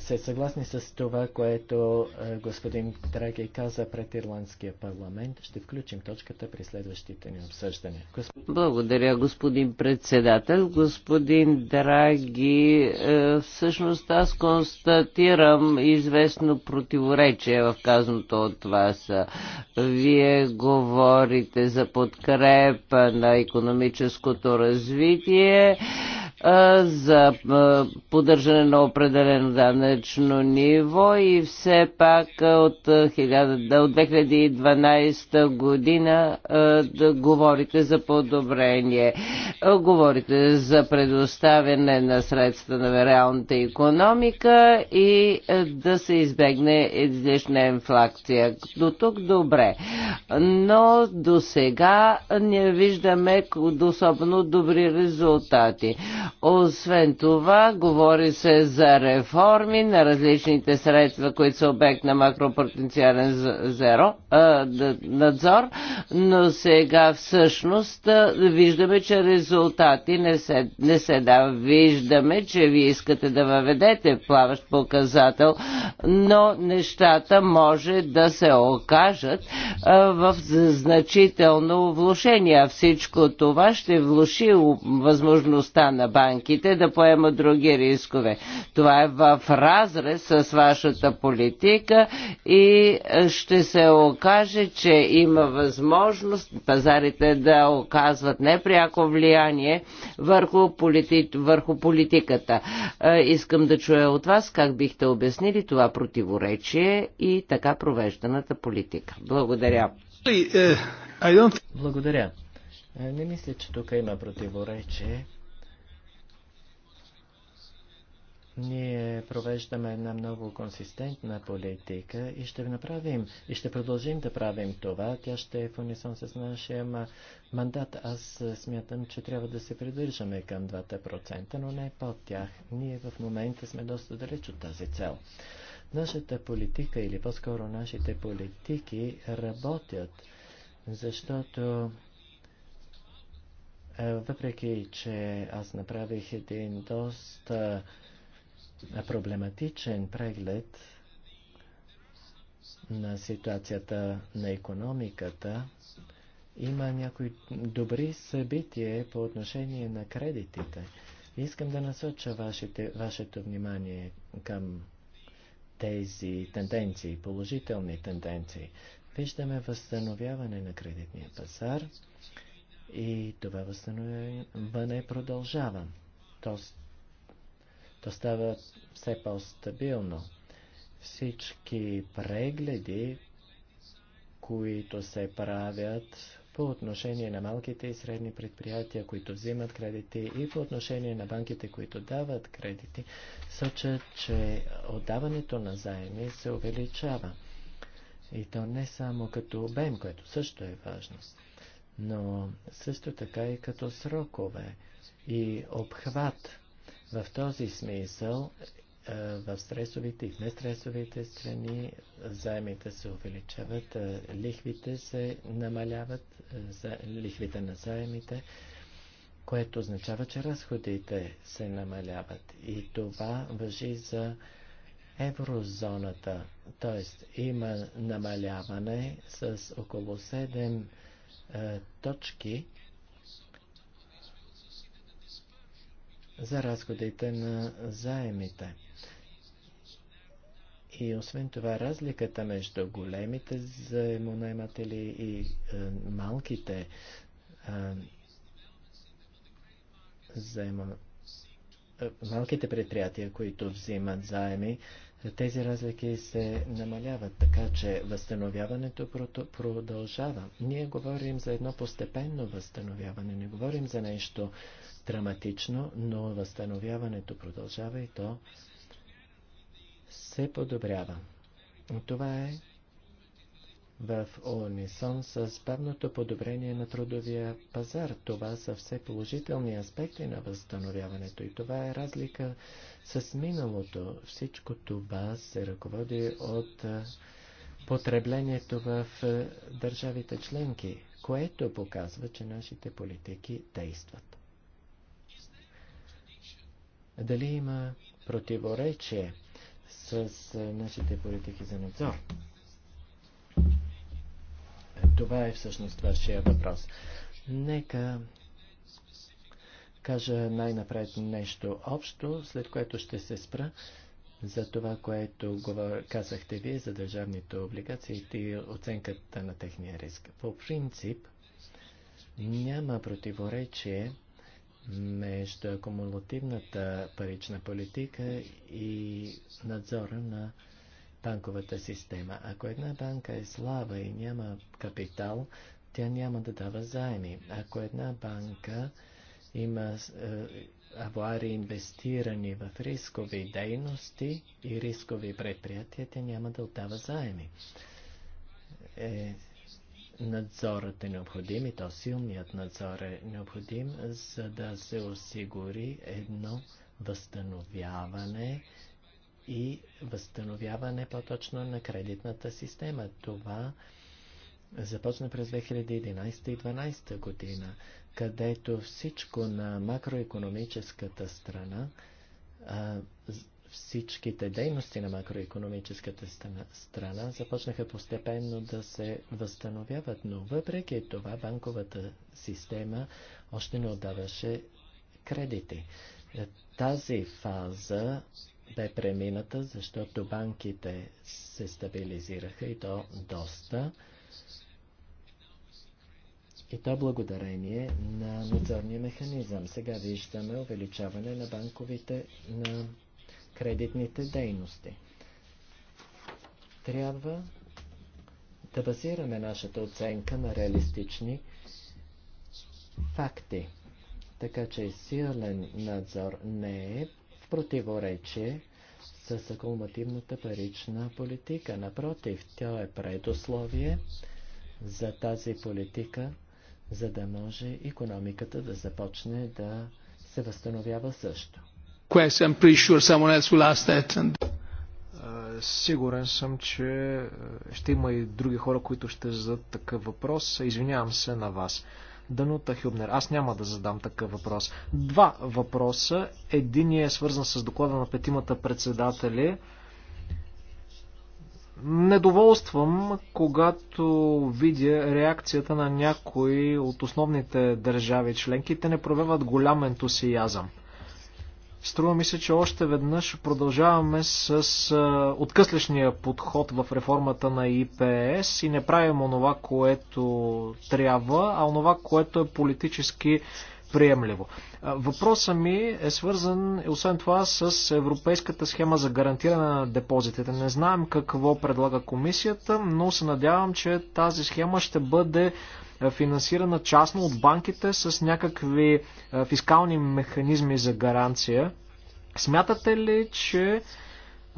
се съгласни с това, което е, господин Драги каза пред Ирландския парламент. Ще включим точката при следващите ни обсъждания. Госп... Благодаря, господин председател. Господин Драги, е, всъщност аз констатирам известно противоречие в казаното от вас. Вие говорите за подкрепа на економическото развитие за поддържане на определено данъчно ниво и все пак от, 2012 година да говорите за подобрение. Говорите за предоставяне на средства на реалната економика и да се избегне излишна инфлакция. До тук добре. Но до сега не виждаме особено добри резултати. Освен това, говори се за реформи на различните средства, които са обект на макропотенциален зеро, а, надзор, но сега всъщност виждаме, че резултати не се, не се дава. Виждаме, че вие искате да въведете плаващ показател, но нещата може да се окажат а, в значително влушение. Всичко това ще влуши възможността на банките да поемат други рискове. Това е в разрез с вашата политика и е, ще се окаже, че има възможност пазарите да оказват непряко влияние върху, полити... върху политиката. Е, искам да чуя от вас как бихте обяснили това противоречие и така провежданата политика. Благодаря. Е, Благодаря. Не мисля, че тук има противоречие. Ние провеждаме една много консистентна политика и ще направим, и ще продължим да правим това. Тя ще е в унисон с нашия мандат. Аз е, смятам, че трябва да се придържаме към 2%, но не под тях. Ние в момента сме доста далеч от тази цел. Нашата политика или по-скоро нашите политики работят, защото е, въпреки, че аз направих един доста е проблематичен преглед на ситуацията на економиката, има някои добри събития по отношение на кредитите. Искам да насоча вашите, вашето внимание към тези тенденции, положителни тенденции. Виждаме възстановяване на кредитния пазар и това възстановяване продължава. Тоест, то става все по-стабилно. Всички прегледи, които се правят по отношение на малките и средни предприятия, които взимат кредити и по отношение на банките, които дават кредити, сочат, че отдаването на заеми се увеличава. И то не само като обем, което също е важно, но също така и като срокове и обхват в този смисъл е, в стресовите и в нестресовите страни заемите се увеличават, е, лихвите се намаляват, е, лихвите на заемите, което означава, че разходите се намаляват. И това въжи за еврозоната, т.е. има намаляване с около 7 точки за разходите на заемите. И освен това, разликата между големите заемонаематели и е, малките е, заемо, е, малките предприятия, които взимат заеми, тези разлики се намаляват, така че възстановяването продължава. Ние говорим за едно постепенно възстановяване, не говорим за нещо драматично, но възстановяването продължава и то се подобрява. Това е в унисон с бавното подобрение на трудовия пазар. Това са все положителни аспекти на възстановяването и това е разлика с миналото. Всичко това се ръководи от потреблението в държавите членки, което показва, че нашите политики действат. Дали има противоречие с нашите политики за надзор? Това е всъщност вашия въпрос. Нека кажа най-напред нещо общо, след което ще се спра за това, което казахте вие за държавните облигации и оценката на техния риск. По принцип няма противоречие между акумулативната парична политика и надзора на банковата система. Ако една банка е слаба и няма капитал, тя няма да дава заеми. Ако една банка има е, авуари инвестирани в рискови дейности и рискови предприятия, тя няма да отдава заеми. Е, надзорът е необходим и то силният надзор е необходим, за да се осигури едно възстановяване и възстановяване по-точно на кредитната система. Това започна през 2011 и 2012 година, където всичко на макроекономическата страна, всичките дейности на макроекономическата страна, страна започнаха постепенно да се възстановяват, но въпреки това банковата система още не отдаваше кредити. Тази фаза бе премината, защото банките се стабилизираха и то доста. И то благодарение на надзорния механизъм. Сега виждаме увеличаване на банковите, на кредитните дейности. Трябва да базираме нашата оценка на реалистични факти. Така че силен надзор не е противоречие с акумулативната парична политика. Напротив, тя е предусловие за тази политика, за да може економиката да започне да се възстановява също. Сигурен съм, че ще има и други хора, които ще зададат такъв въпрос. Извинявам се на вас. Данута Хюбнер. Аз няма да задам такъв въпрос. Два въпроса. Единият е свързан с доклада на петимата председатели. Недоволствам, когато видя реакцията на някои от основните държави членки. Те не проявяват голям ентусиазъм. Струва ми се, че още веднъж продължаваме с а, откъслешния подход в реформата на ИПС и не правим онова, което трябва, а онова, което е политически приемливо. Въпросът ми е свързан, освен това, с европейската схема за гарантиране на депозитите. Не знаем какво предлага комисията, но се надявам, че тази схема ще бъде е, финансирана частно от банките с някакви е, фискални механизми за гаранция. Смятате ли, че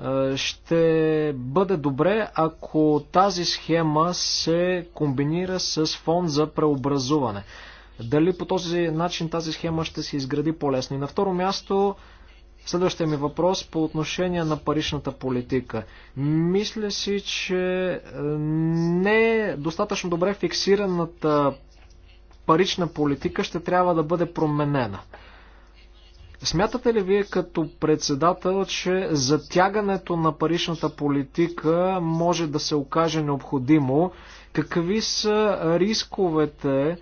е, ще бъде добре, ако тази схема се комбинира с фонд за преобразуване? Дали по този начин тази схема ще се изгради по-лесно? И на второ място, Следващия ми въпрос по отношение на паричната политика. Мисля си, че е, не е достатъчно добре фиксираната парична политика ще трябва да бъде променена. Смятате ли вие като председател, че затягането на паричната политика може да се окаже необходимо? Какви са рисковете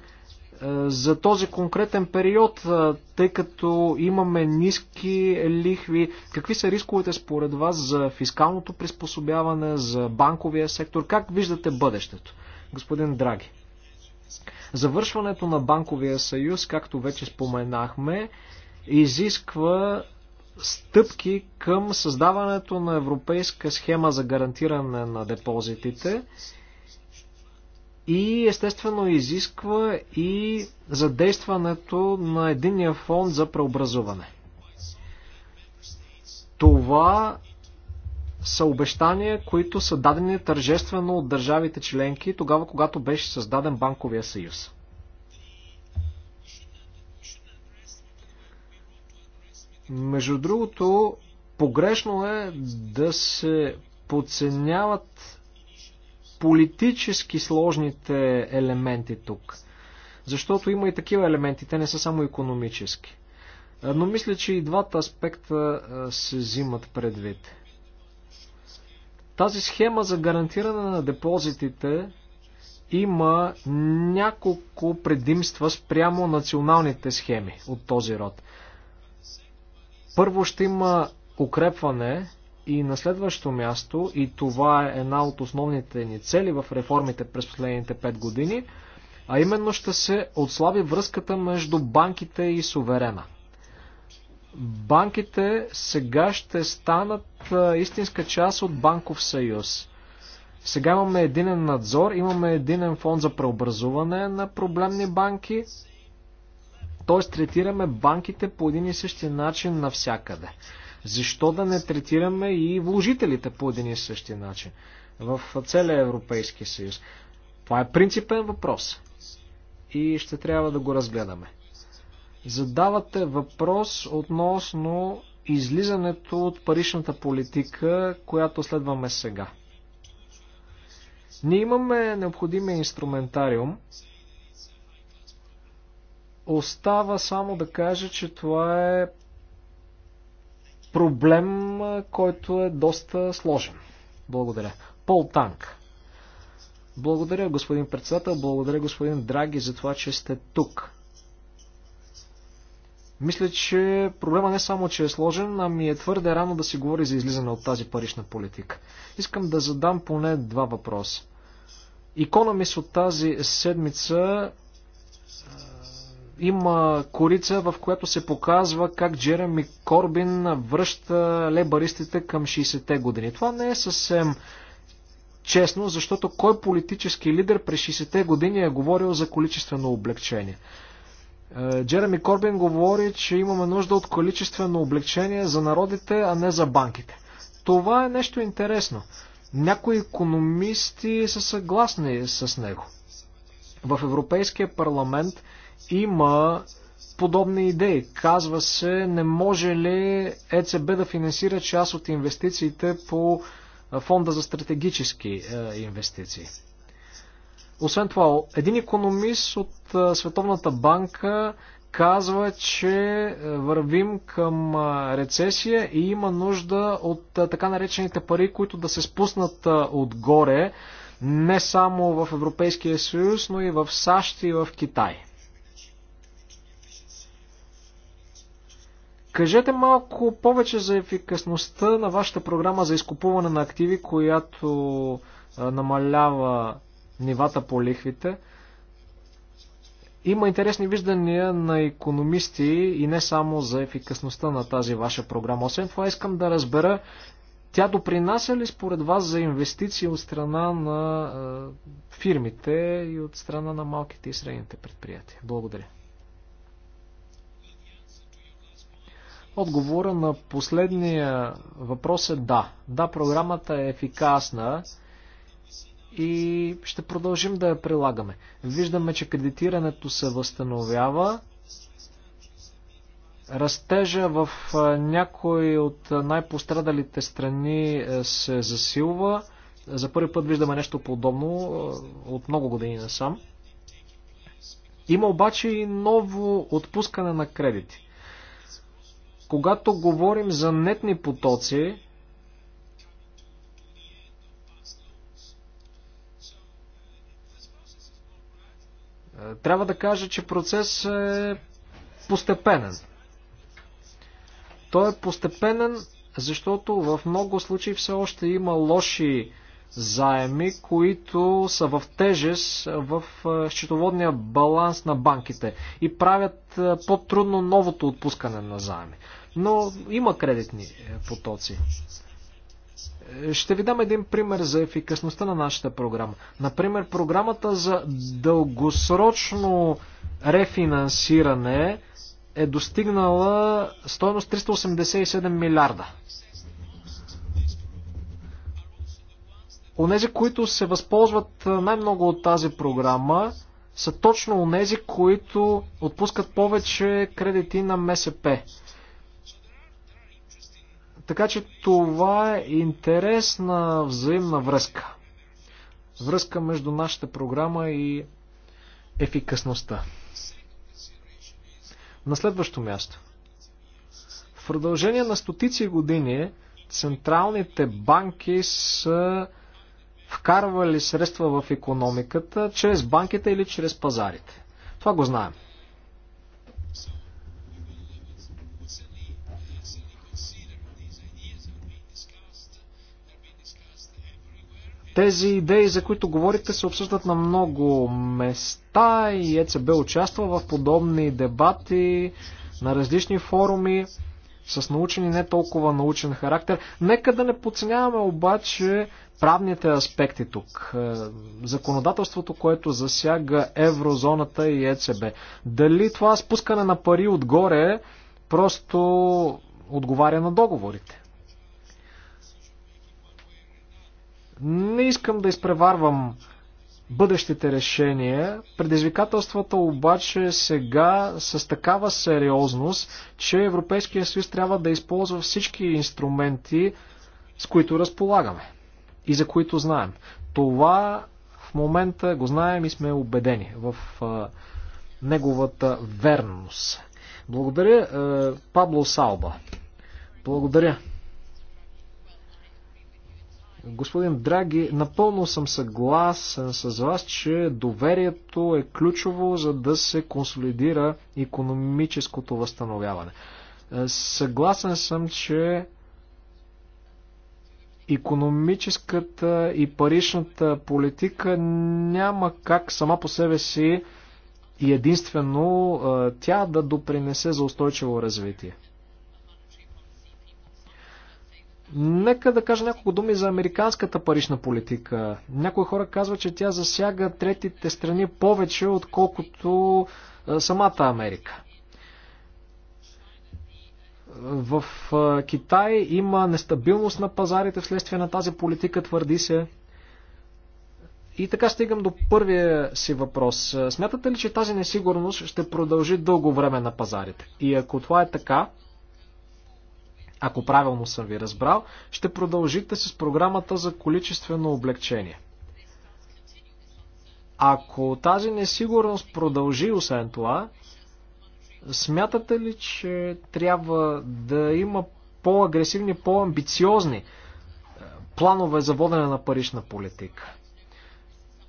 е, за този конкретен период, е, тъй като имаме ниски лихви. Какви са рисковете според вас за фискалното приспособяване, за банковия сектор? Как виждате бъдещето, господин Драги? Завършването на банковия съюз, както вече споменахме, изисква стъпки към създаването на европейска схема за гарантиране на депозитите и естествено изисква и задействането на единия фонд за преобразуване. Това са обещания, които са дадени тържествено от държавите членки тогава, когато беше създаден Банковия съюз. Между другото, погрешно е да се подценяват политически сложните елементи тук. Защото има и такива елементи, те не са само економически. Е, но мисля, че и двата аспекта е, се взимат предвид. Тази схема за гарантиране на депозитите има няколко предимства спрямо националните схеми от този род. Първо ще има укрепване и на следващо място, и това е една от основните ни цели в реформите през последните 5 години, а именно ще се отслаби връзката между банките и суверена. Банките сега ще станат истинска част от банков съюз. Сега имаме единен надзор, имаме единен фонд за преобразуване на проблемни банки, т.е. третираме банките по един и същи начин навсякъде. Защо да не третираме и вложителите по един и същи начин в целия Европейски съюз? Това е принципен въпрос и ще трябва да го разгледаме. Задавате въпрос относно излизането от паричната политика, която следваме сега. Ние имаме необходимия инструментариум. Остава само да кажа, че това е проблем, който е доста сложен. Благодаря. Пол Танк. Благодаря, господин председател. Благодаря, господин Драги, за това, че сте тук. Мисля, че проблема не само, че е сложен, а ми е твърде рано да се говори за излизане от тази парична политика. Искам да задам поне два въпроса. Икономис от тази седмица има корица, в която се показва как Джереми Корбин връща лебаристите към 60-те години. Това не е съвсем честно, защото кой политически лидер през 60-те години е говорил за количествено облегчение? Е, Джереми Корбин говори, че имаме нужда от количествено облегчение за народите, а не за банките. Това е нещо интересно. Някои економисти са съгласни с него. В Европейския парламент има подобни идеи. Казва се, не може ли ЕЦБ да финансира част от инвестициите по фонда за стратегически е, инвестиции. Освен това, един економист от Световната банка казва, че е, вървим към рецесия и има нужда от така наречените пари, които да се спуснат отгоре, не само в Европейския съюз, но и в САЩ и в Китай. Кажете малко повече за ефикасността на вашата програма за изкупуване на активи, която намалява нивата по лихвите. Има интересни виждания на економисти и не само за ефикасността на тази ваша програма. Освен това искам да разбера, тя допринася ли според вас за инвестиции от страна на фирмите и от страна на малките и средните предприятия? Благодаря. Отговора на последния въпрос е да. Да, програмата е ефикасна и ще продължим да я прилагаме. Виждаме, че кредитирането се възстановява. Растежа в някои от най-пострадалите страни е, се засилва. За първи път виждаме нещо подобно е, от много години насам. Има обаче и ново отпускане на кредити. Когато говорим за нетни потоци, е, трябва да кажа, че процес е постепенен. Той е постепенен, защото в много случаи все още има лоши заеми, които са в тежест в счетоводния баланс на банките и правят по-трудно новото отпускане на заеми. Но има кредитни е, потоци. Е, ще ви дам един пример за ефикасността на нашата програма. Например, програмата за дългосрочно рефинансиране е достигнала стоеност 387 милиарда Онези, които се възползват най-много от тази програма, са точно онези, които отпускат повече кредити на МСП. Така че това е интересна взаимна връзка. Връзка между нашата програма и ефикасността. На следващо място. В продължение на стотици години централните банки са Вкарва ли средства в економиката чрез банките или чрез пазарите. Това го знаем. Тези идеи, за които говорите, се обсъждат на много места и ЕЦБ участва в подобни дебати на различни форуми с научен и не толкова научен характер. Нека да не подценяваме обаче правните аспекти тук. Е, законодателството, което засяга еврозоната и ЕЦБ. Дали това спускане на пари отгоре просто отговаря на договорите? Не искам да изпреварвам бъдещите решения. Предизвикателствата обаче сега с такава сериозност, че Европейския съюз трябва да използва всички инструменти, с които разполагаме и за които знаем. Това в момента го знаем и сме убедени в неговата верност. Благодаря, Пабло Салба. Благодаря. Господин Драги, напълно съм съгласен с вас, че доверието е ключово, за да се консолидира економическото възстановяване. Е, съгласен съм, че економическата и паричната политика няма как сама по себе си и единствено е, тя да допринесе за устойчиво развитие. Нека да кажа няколко думи за американската парична политика. Някои хора казват, че тя засяга третите страни повече, отколкото самата Америка. В Китай има нестабилност на пазарите вследствие на тази политика, твърди се. И така стигам до първия си въпрос. Смятате ли, че тази несигурност ще продължи дълго време на пазарите? И ако това е така, ако правилно съм ви разбрал, ще продължите с програмата за количествено облегчение. Ако тази несигурност продължи, освен това, смятате ли, че трябва да има по-агресивни, по-амбициозни е, планове за водене на парична политика?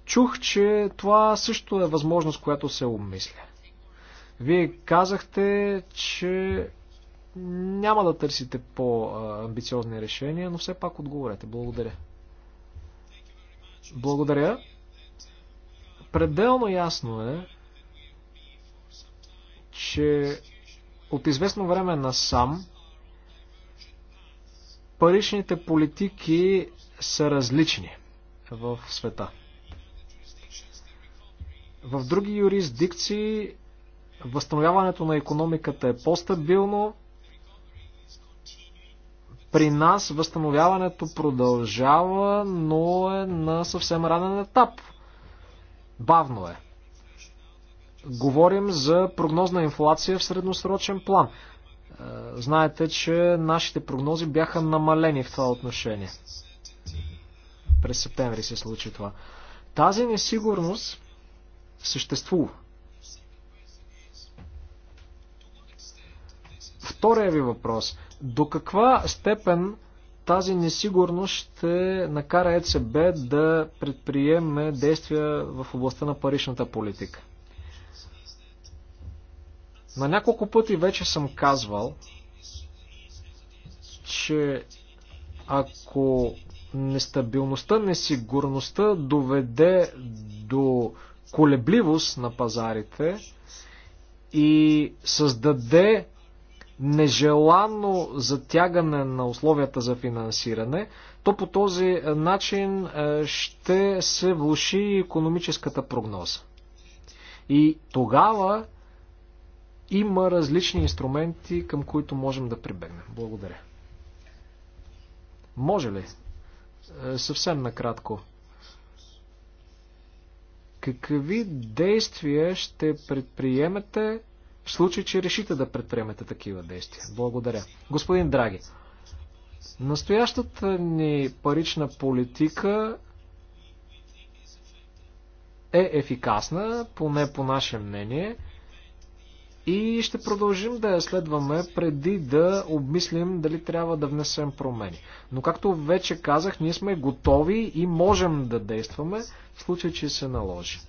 Чух, че това също е възможност, която се обмисля. Вие казахте, че няма да търсите по-амбициозни решения, но все пак отговорете. Благодаря. Благодаря. Пределно ясно е, че от известно време насам паричните политики са различни в света. В други юрисдикции възстановяването на економиката е по-стабилно, при нас възстановяването продължава, но е на съвсем ранен етап. Бавно е. Говорим за прогнозна инфлация в средносрочен план. Е, знаете, че нашите прогнози бяха намалени в това отношение. През септември се случи това. Тази несигурност съществува. Втория ви въпрос. До каква степен тази несигурност ще накара ЕЦБ да предприеме действия в областта на паричната политика? На няколко пъти вече съм казвал, че ако нестабилността, несигурността доведе до колебливост на пазарите и създаде нежелано затягане на условията за финансиране, то по този начин е, ще се влуши економическата прогноза. И тогава има различни инструменти, към които можем да прибегнем. Благодаря. Може ли? Е, съвсем накратко. Какви действия ще предприемете в случай, че решите да предприемете такива действия. Благодаря. Господин Драги, настоящата ни парична политика е ефикасна, поне по наше мнение, и ще продължим да я следваме преди да обмислим дали трябва да внесем промени. Но както вече казах, ние сме готови и можем да действаме в случай, че се наложи.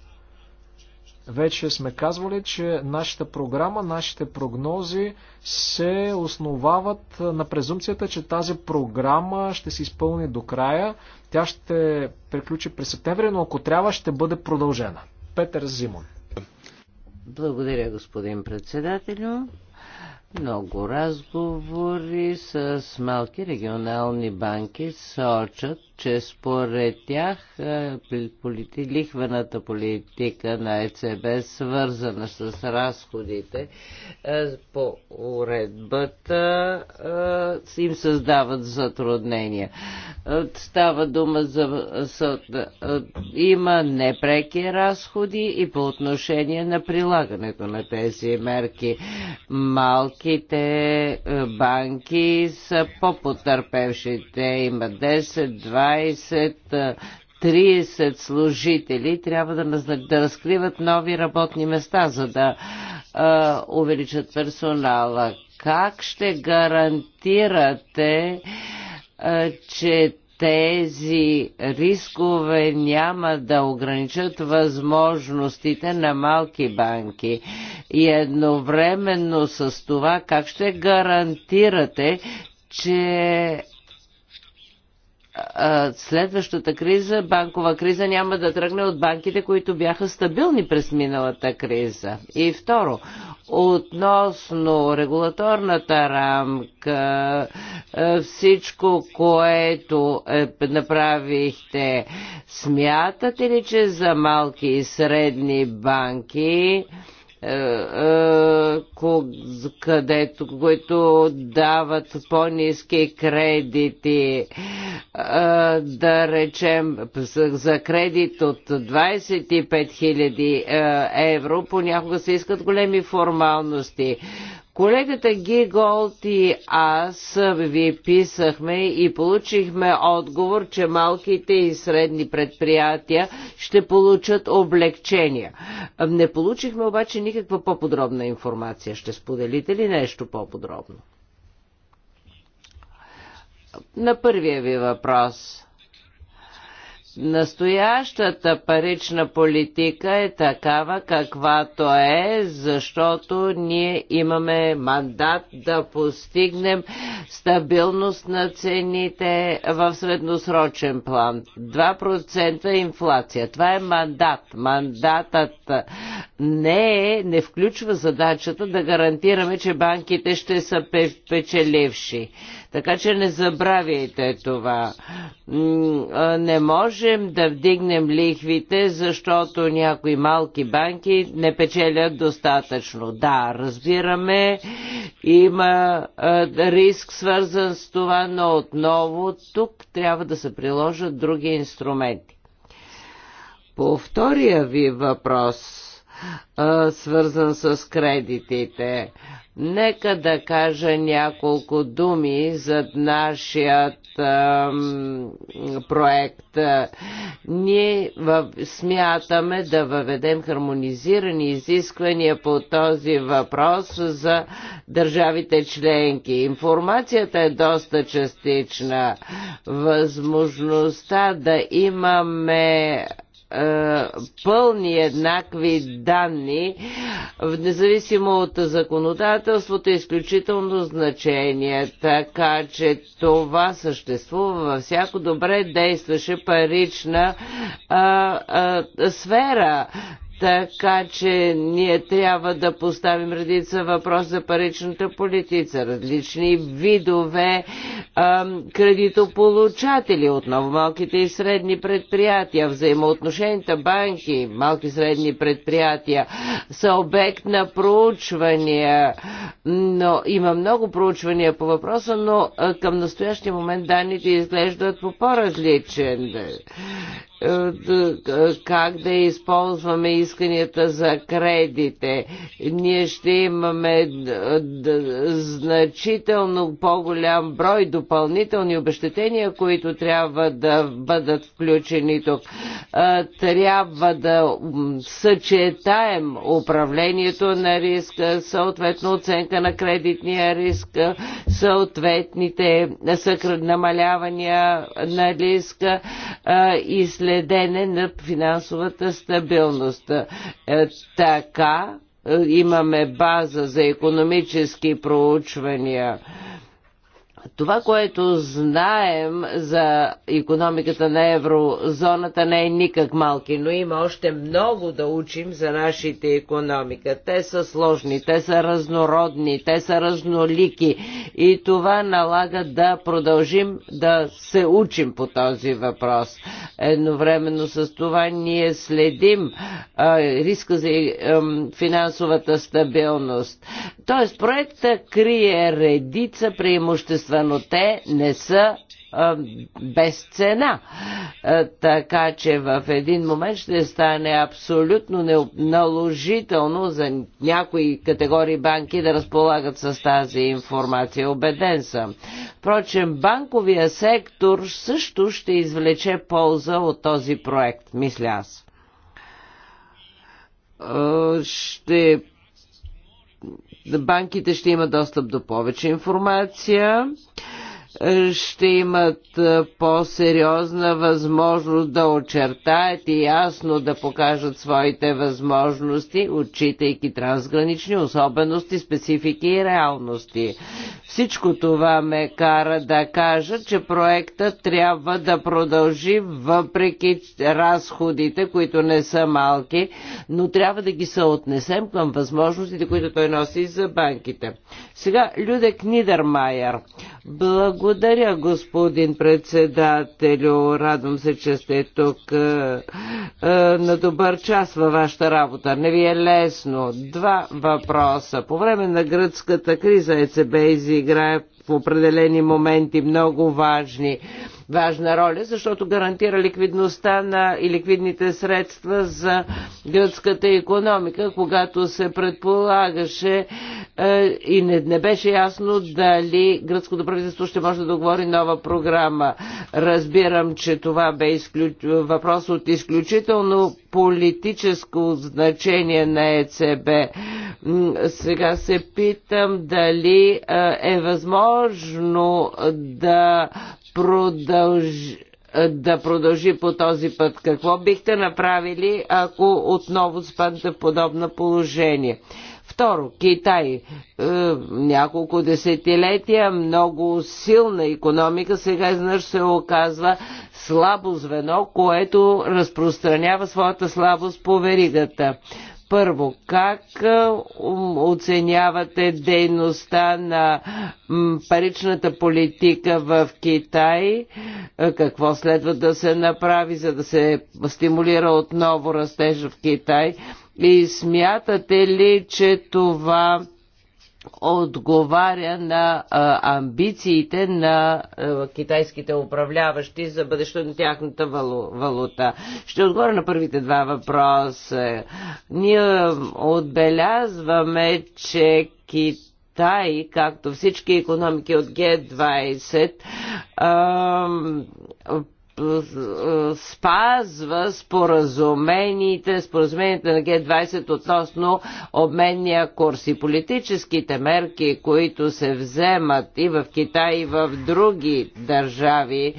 Вече сме казвали, че нашата програма, нашите прогнози се основават на презумцията, че тази програма ще се изпълни до края. Тя ще приключи през септември, но ако трябва, ще бъде продължена. Петър Зимон. Благодаря, господин председателю. Много разговори с малки регионални банки сочат, че според тях е, полити, лихвената политика на ЕЦБ свързана с разходите е, по уредбата е, им създават затруднения. Става дума за... Има непреки разходи и по отношение на прилагането на тези мерки. Малки Европейските е, банки са по-потърпевшите. Има 10, 20, 30 служители трябва да, да разкриват нови работни места, за да а, е, увеличат персонала. Как ще гарантирате, а, е, че тези рискове няма да ограничат възможностите на малки банки. И едновременно с това, как ще гарантирате, че следващата криза, банкова криза, няма да тръгне от банките, които бяха стабилни през миналата криза. И второ, относно регулаторната рамка, всичко, което е, направихте, смятате ли, че за малки и средни банки, е, е, където, които дават по-низки кредити, е, да речем за кредит от 25 000 евро, понякога се искат големи формалности. Колегата Гиголт и аз ви писахме и получихме отговор, че малките и средни предприятия ще получат облегчения. Не получихме обаче никаква по-подробна информация. Ще споделите ли нещо по-подробно? На първия ви въпрос Настоящата парична политика е такава каквато е, защото ние имаме мандат да постигнем стабилност на цените в средносрочен план. 2% инфлация. Това е мандат. Мандатът не, е, не включва задачата да гарантираме, че банките ще са печеливши. Така че не забравяйте това. Не можем да вдигнем лихвите, защото някои малки банки не печелят достатъчно. Да, разбираме, има риск свързан с това, но отново тук трябва да се приложат други инструменти. По втория ви въпрос свързан с кредитите. Нека да кажа няколко думи за нашият ам, проект. Ние във, смятаме да въведем хармонизирани изисквания по този въпрос за държавите членки. Информацията е доста частична. Възможността да имаме е, пълни еднакви данни, независимо от законодателството, е изключително значение. Така че това съществува във всяко добре действаше парична а, е, а, е, сфера. Така че ние трябва да поставим редица въпрос за паричната политика, различни видове ам, кредитополучатели, отново малките и средни предприятия, взаимоотношенията банки, малки и средни предприятия са обект на проучвания, но има много проучвания по въпроса, но към настоящия момент данните изглеждат по по-различен е, е, как да използваме исканията за кредите. Ние ще имаме е, значително по-голям брой допълнителни обещетения, които трябва да бъдат включени тук. Трябва да съчетаем управлението на риска, съответно оценка на кредитния риск, съответните намалявания на риска и след следене на финансовата стабилност. Е, така е, имаме база за економически проучвания това, което знаем за економиката на еврозоната не е никак малки, но има още много да учим за нашите економика. Те са сложни, те са разнородни, те са разнолики и това налага да продължим да се учим по този въпрос. Едновременно с това ние следим а, риска за а, финансовата стабилност. Тоест проекта крие редица преимущества но те не са без цена. Така че в един момент ще стане абсолютно наложително за някои категории банки да разполагат с тази информация. Обеден съм. Впрочем, банковия сектор също ще извлече полза от този проект, мисля аз. Ще банките ще имат достъп до повече информация ще имат по-сериозна възможност да очертаят и ясно да покажат своите възможности, отчитайки трансгранични особености, специфики и реалности. Всичко това ме кара да кажа, че проектът трябва да продължи въпреки разходите, които не са малки, но трябва да ги съотнесем към възможностите, които той носи за банките. Сега Людек Нидермайер. Благодаря благодаря, господин председателю. Радвам се, че сте тук е, е, на добър час във вашата работа. Не ви е лесно. Два въпроса. По време на гръцката криза ЕЦБ изиграе в определени моменти много важни важна роля, защото гарантира ликвидността на и ликвидните средства за гръцката економика, когато се предполагаше е, и не, не беше ясно дали гръцкото правителство ще може да договори нова програма. Разбирам, че това бе изключ... въпрос от изключително политическо значение на ЕЦБ. Сега се питам дали е, е възможно да продълж... да продължи по този път. Какво бихте направили, ако отново в подобно положение? Второ, Китай. Е, няколко десетилетия много силна економика сега изнъж се оказва слабо звено, което разпространява своята слабост по веригата. Първо, как оценявате дейността на паричната политика в Китай? Какво следва да се направи, за да се стимулира отново растежа в Китай? И смятате ли, че това отговаря на а, амбициите на а, китайските управляващи за бъдещето на тяхната валу, валута. Ще отговоря на първите два въпроса. Ние отбелязваме, че Китай, както всички економики от Г-20, спазва споразумените, споразумените на Г-20 относно обменния курс и политическите мерки, които се вземат и в Китай, и в други държави, е,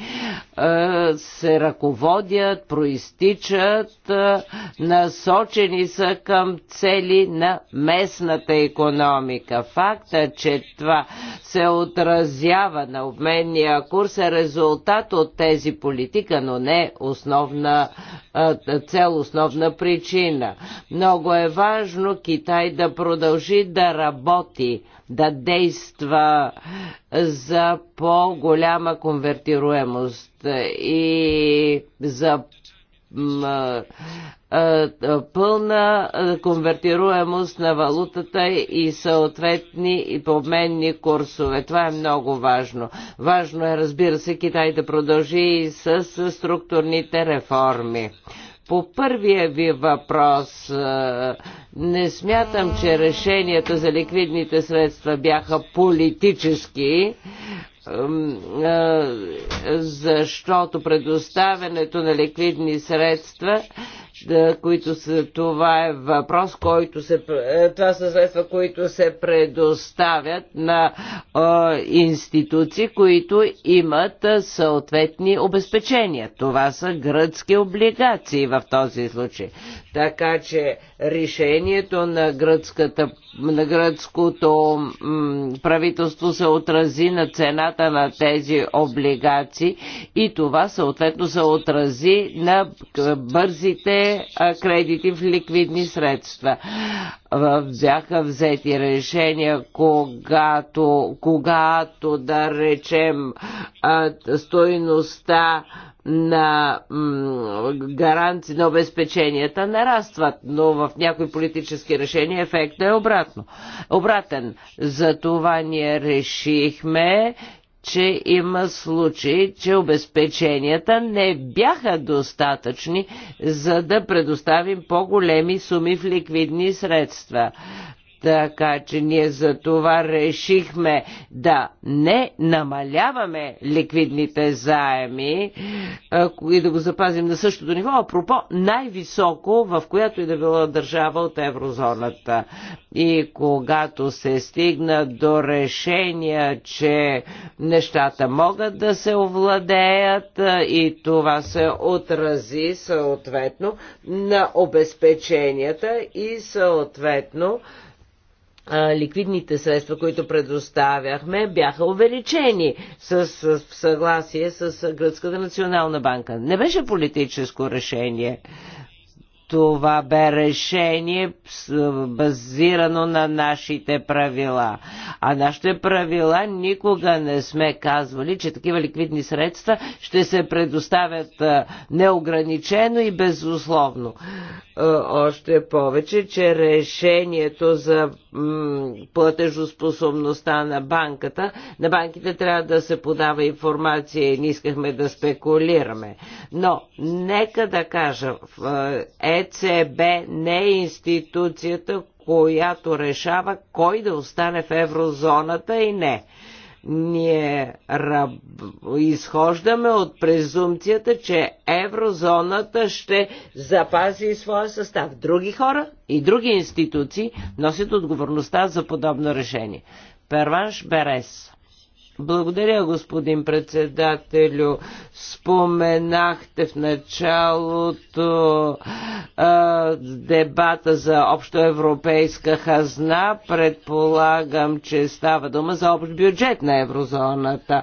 се ръководят, проистичат, е, насочени са към цели на местната економика. Факта, че това се отразява на обменния курс е резултат от тези политики политика, но не основна цел, основна причина. Много е важно Китай да продължи да работи, да действа за по-голяма конвертируемост и за пълна конвертируемост на валутата и съответни и обменни курсове. Това е много важно. Важно е, разбира се, Китай да продължи и с структурните реформи. По първия ви въпрос не смятам, че решенията за ликвидните средства бяха политически защото предоставянето на ликвидни средства които са, това е въпрос, който се, е, това са средства, които се предоставят на а, институции, които имат съответни обезпечения. Това са гръцки облигации в този случай. Така че решението на, гръцката, на гръцкото правителство се отрази на цената на тези облигации и това съответно се отрази на бързите кредити в ликвидни средства. Бяха взети решения, когато, когато да речем стоиността на гаранции на обезпеченията нарастват, но в някои политически решения ефектът е обратно. обратен. Затова ние решихме, че има случаи, че обезпеченията не бяха достатъчни, за да предоставим по-големи суми в ликвидни средства. Така че ние за това решихме да не намаляваме ликвидните заеми и да го запазим на същото ниво, а пропо най-високо, в която и да била държава от еврозоната. И когато се стигна до решения, че нещата могат да се овладеят и това се отрази съответно на обезпеченията и съответно ликвидните средства, които предоставяхме, бяха увеличени с, с в съгласие с Гръцката национална банка. Не беше политическо решение. Това бе решение базирано на нашите правила. А нашите правила никога не сме казвали, че такива ликвидни средства ще се предоставят неограничено и безусловно. Още повече, че решението за платежоспособността на банката. На банките трябва да се подава информация и не искахме да спекулираме. Но нека да кажа, ЕЦБ е не е институцията, която решава кой да остане в еврозоната и не. Ние раб... изхождаме от презумцията, че еврозоната ще запази своя състав. Други хора и други институции носят отговорността за подобно решение. Перванш Берес. Благодаря, господин председателю. Споменахте в началото а, дебата за общоевропейска хазна. Предполагам, че става дума за общ бюджет на еврозоната.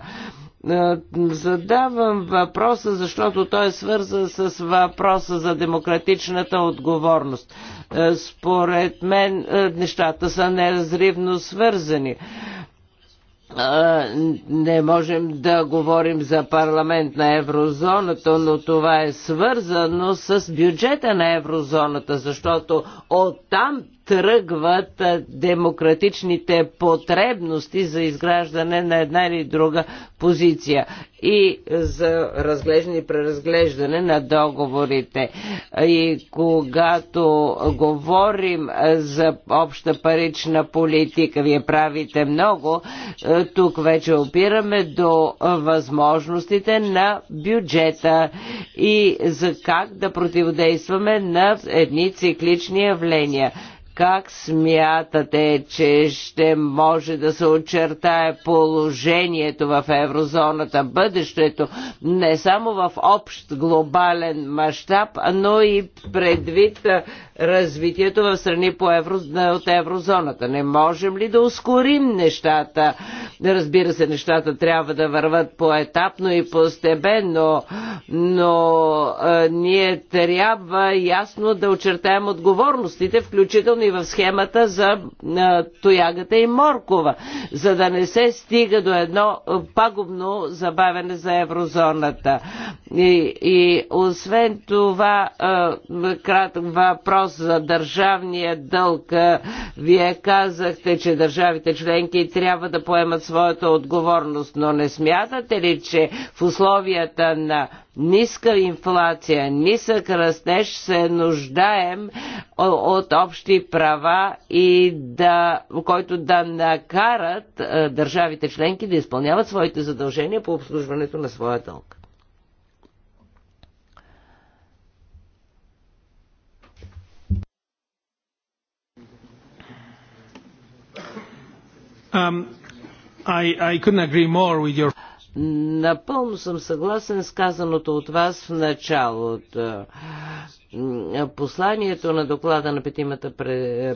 Задавам въпроса, защото той е свързан с въпроса за демократичната отговорност. Според мен нещата са неразривно свързани не можем да говорим за парламент на еврозоната, но това е свързано с бюджета на еврозоната, защото оттам тръгват демократичните потребности за изграждане на една или друга позиция и за разглеждане и преразглеждане на договорите. И когато говорим за обща парична политика, вие правите много, тук вече опираме до възможностите на бюджета и за как да противодействаме на едни циклични явления. Как смятате, че ще може да се очертае положението в еврозоната, бъдещето, не само в общ глобален мащаб, но и предвид развитието в страни по евро, от еврозоната. Не можем ли да ускорим нещата? Разбира се, нещата трябва да върват поетапно и постепенно, но а, е, ние трябва ясно да очертаем отговорностите, включително и в схемата за а, е, Тоягата и Моркова, за да не се стига до едно пагубно забавяне за еврозоната. И, и освен това, а, е, крат въпрос въпрос за държавния дълг. Вие казахте, че държавите членки трябва да поемат своята отговорност, но не смятате ли, че в условията на ниска инфлация, нисък растеж се нуждаем от общи права и да, който да накарат е, държавите членки да изпълняват своите задължения по обслужването на своя дълг? Um, I, I Напълно съм съгласен с казаното от вас в началото. Посланието на доклада на петимата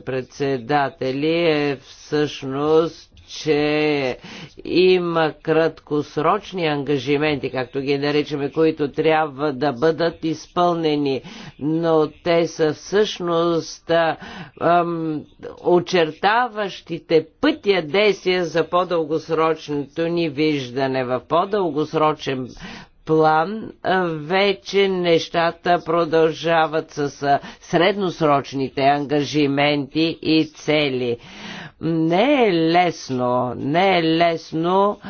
председатели е всъщност че има краткосрочни ангажименти, както ги наричаме, които трябва да бъдат изпълнени, но те са всъщност ам, очертаващите пътя действия за по-дългосрочното ни виждане. В по-дългосрочен план вече нещата продължават с средносрочните ангажименти и цели. Не е лесно, не е лесно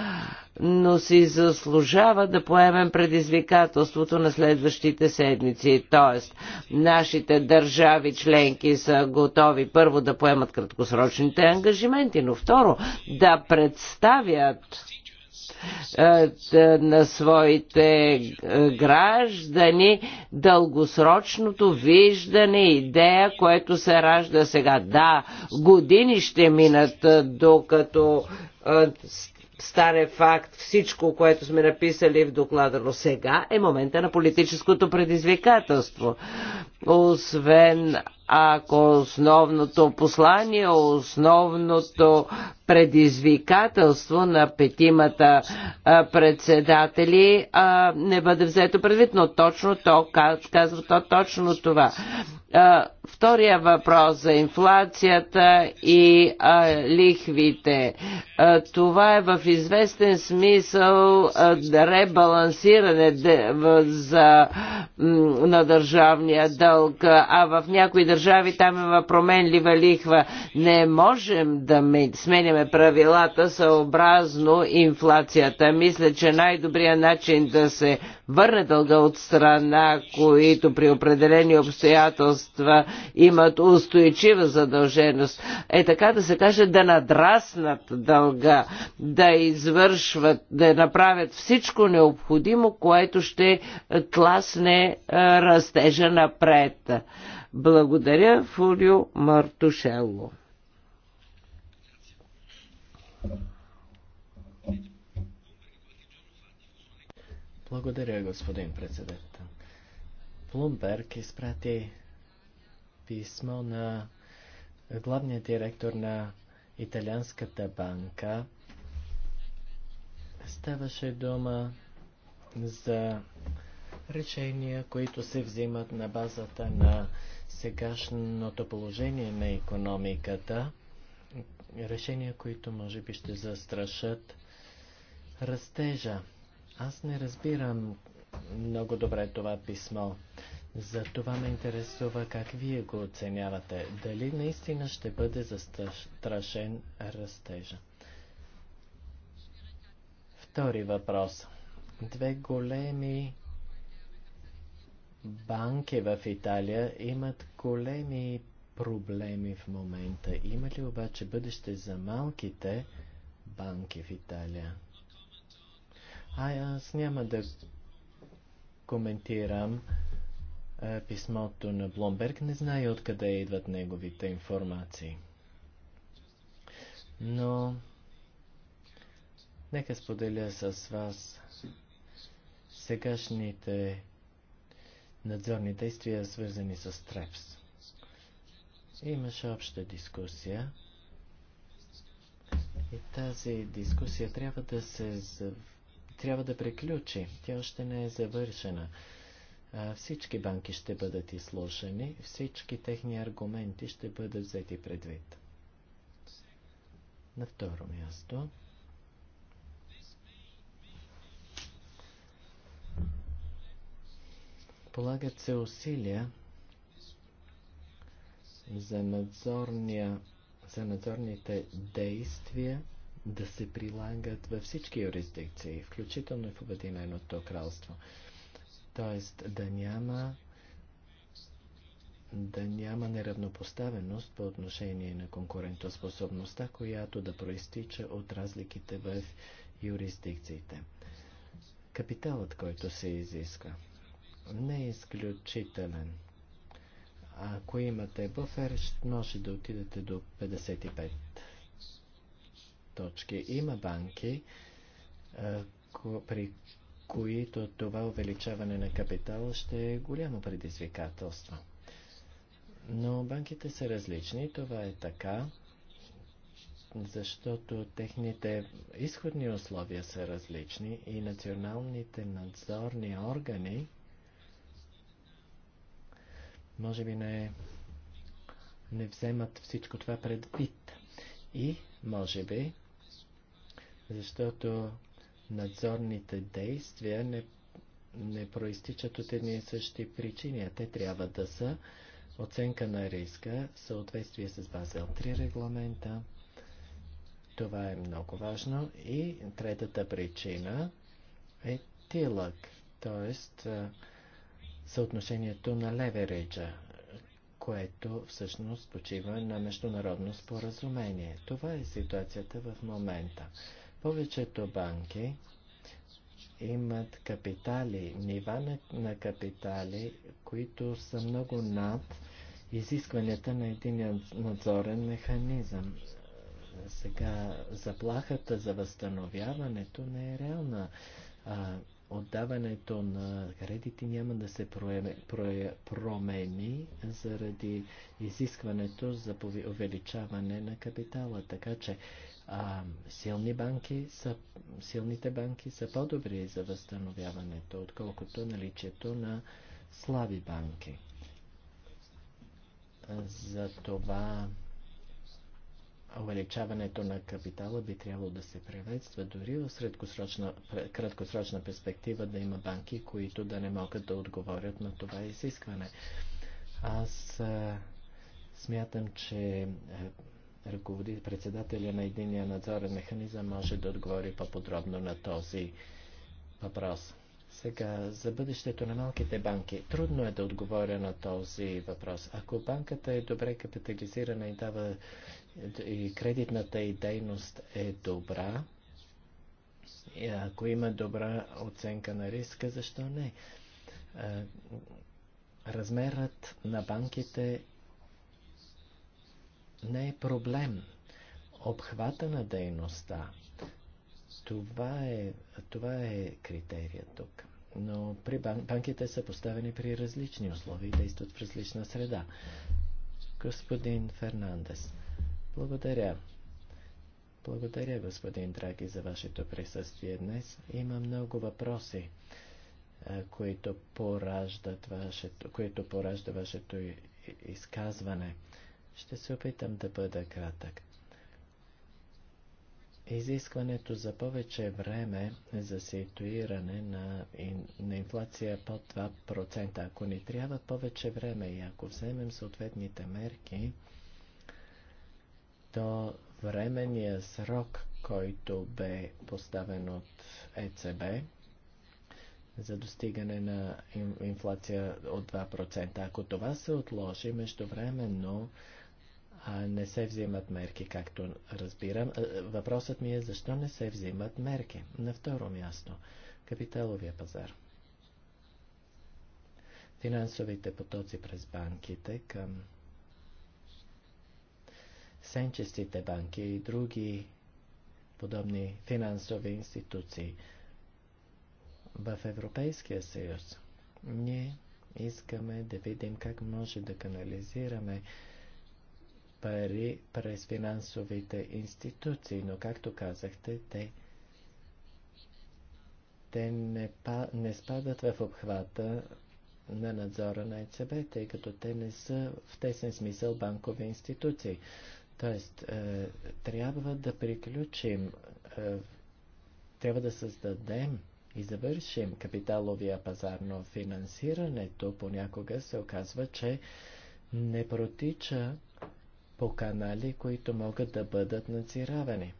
но си заслужава да поемем предизвикателството на следващите седмици. Тоест, нашите държави членки са готови първо да поемат краткосрочните ангажименти, но второ да представят на своите граждани дългосрочното виждане, идея, което се ражда сега. Да, години ще минат, докато стане факт всичко, което сме написали в доклада, но сега е момента на политическото предизвикателство. Освен ако основното послание, основното предизвикателство на петимата председатели не бъде взето предвид, но точно то казва то точно това. Втория въпрос за инфлацията и а, лихвите. А, това е в известен смисъл а, ребалансиране де, в, за, м, на държавния дълг, а в някои държавни държави там има променлива лихва. Не можем да сменяме правилата съобразно инфлацията. Мисля, че най-добрият начин да се върне дълга от страна, които при определени обстоятелства имат устойчива задълженост, е така да се каже да надраснат дълга, да извършват, да направят всичко необходимо, което ще тласне растежа напред. Благодаря, Фулио Мартушелло. Благодаря, господин председател. Плумберг изпрати писмо на главния директор на Италианската банка. Ставаше дума за решения, които се взимат на базата на сегашното положение на економиката, решения, които може би ще застрашат растежа. Аз не разбирам много добре това писмо. За това ме интересува как вие го оценявате. Дали наистина ще бъде застрашен растежа? Втори въпрос. Две големи банки в Италия имат големи проблеми в момента. Има ли обаче бъдеще за малките банки в Италия? А аз няма да коментирам а, е, писмото на Бломберг. Не знае откъде идват неговите информации. Но нека споделя с вас сегашните надзорни действия, свързани с ТРЕПС. Имаше обща дискусия и тази дискусия трябва да се трябва да приключи. Тя още не е завършена. Всички банки ще бъдат изслушани, всички техни аргументи ще бъдат взети предвид. На второ място Полагат се усилия за, надзорния, за надзорните действия да се прилагат във всички юрисдикции, включително и в Обединеното кралство. Тоест да няма да няма неравнопоставеност по отношение на конкурентоспособността, която да проистича от разликите в юрисдикциите. Капиталът, който се изисква – не е изключителен. Ако имате буфер, може да отидете до 55 точки. Има банки, при които това увеличаване на капитала ще е голямо предизвикателство. Но банките са различни, това е така, защото техните изходни условия са различни и националните надзорни органи може би не, не вземат всичко това предвид. И, може би, защото надзорните действия не, не проистичат от едни и същи причини, а те трябва да са оценка на риска, съответствие с Базел 3 регламента. Това е много важно. И третата причина е тилък, т.е съотношението на левериджа, което всъщност почива на международно споразумение. Това е ситуацията в момента. Повечето банки имат капитали, нива на, на капитали, които са много над изискванията на един надзорен механизъм. Сега заплахата за възстановяването не е реална. А, отдаването на кредити няма да се промени заради изискването за увеличаване на капитала. Така че а, силни банки са, силните банки са по-добри за възстановяването, отколкото наличието на слаби банки. За това увеличаването на капитала би трябвало да се приветства дори в краткосрочна перспектива да има банки, които да не могат да отговорят на това изискване. Аз а, смятам, че председателя на единия надзорен механизъм може да отговори по-подробно на този въпрос. Сега, за бъдещето на малките банки. Трудно е да отговоря на този въпрос. Ако банката е добре капитализирана и дава и кредитната и дейност е добра, и ако има добра оценка на риска, защо не? Е, размерът на банките не е проблем. Обхвата на дейността, това е, това е критерия тук. Но при бан, банките са поставени при различни условия и действат в различна среда. Господин Фернандес. Благодаря. Благодаря, господин Драги, за вашето присъствие днес. Има много въпроси, които, пораждат вашето, които поражда вашето изказване. Ще се опитам да бъда кратък. Изискването за повече време за ситуиране на, ин, на инфлация е под 2%. Ако ни трябва повече време и ако вземем съответните мерки, то временния срок, който бе поставен от ЕЦБ за достигане на инфлация от 2%. Ако това се отложи междувременно, а не се взимат мерки, както разбирам. Въпросът ми е защо не се взимат мерки. На второ място капиталовия пазар. Финансовите потоци през банките към сенчестите банки и други подобни финансови институции в Европейския съюз. Ние искаме да видим как може да канализираме пари през финансовите институции, но както казахте, те, те не, па, не спадат в обхвата на надзора на ЕЦБ, тъй като те не са в тесен смисъл банкови институции. Тоест, е, трябва да приключим, е, трябва да създадем и завършим капиталовия пазар, но финансирането понякога се оказва, че не протича по канали, които могат да бъдат надзиравани.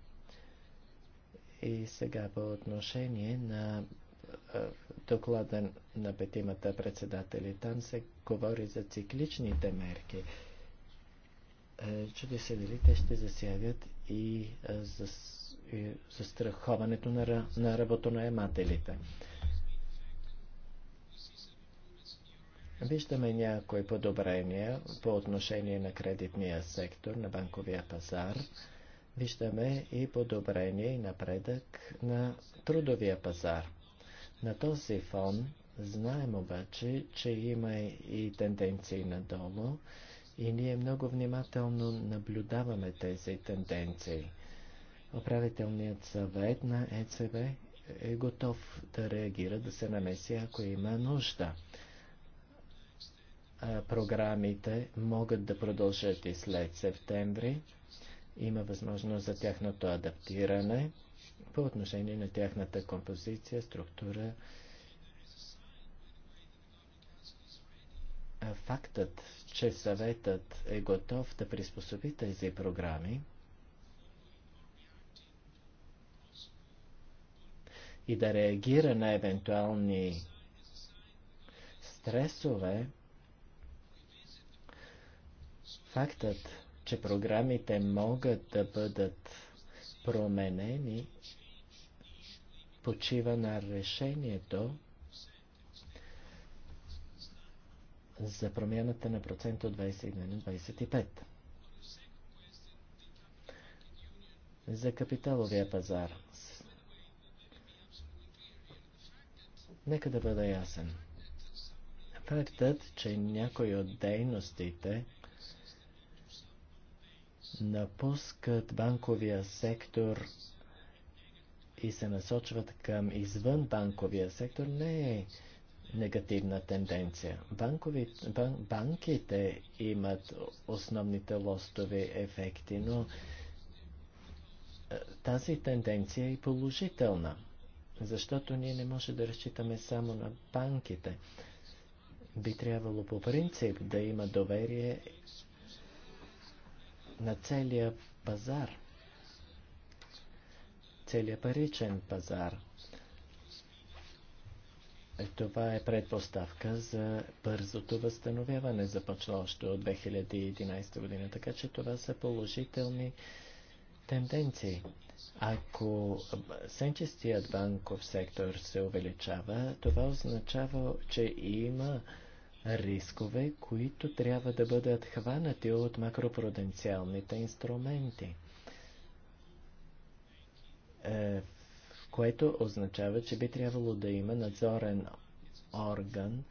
И сега по отношение на е, доклада на петимата председатели. Там се говори за цикличните мерки. Е, чуди се дали те ще засягат и е, застраховането на, на работонаемателите. Виждаме някои подобрения по отношение на кредитния сектор, на банковия пазар. Виждаме и подобрение и напредък на трудовия пазар. На този фон знаем обаче, че има и тенденции надолу и ние много внимателно наблюдаваме тези тенденции. Управителният съвет на ЕЦБ е готов да реагира, да се намеси, ако има нужда. Програмите могат да продължат и след септември. Има възможност за тяхното адаптиране по отношение на тяхната композиция, структура. Фактът, че съветът е готов да приспособи тези програми и да реагира на евентуални стресове, фактът, че програмите могат да бъдат променени, почива на решението за промяната на процента от 21 на 25. За капиталовия пазар. Нека да бъда ясен. Фактът, че някои от дейностите напускат банковия сектор и се насочват към извън банковия сектор, не е негативна тенденция. Банкови, бан, банките имат основните лостови ефекти, но е, тази тенденция е положителна, защото ние не може да разчитаме само на банките. Би трябвало по принцип да има доверие на целия пазар, целия паричен пазар – е, това е предпоставка за бързото възстановяване, започва още от 2011 година, така че това са положителни тенденции. Ако сенчестият банков сектор се увеличава, това означава, че има рискове, които трябва да бъдат хванати от макропруденциалните инструменти. Е, което означава, че би трябвало да има надзорен орган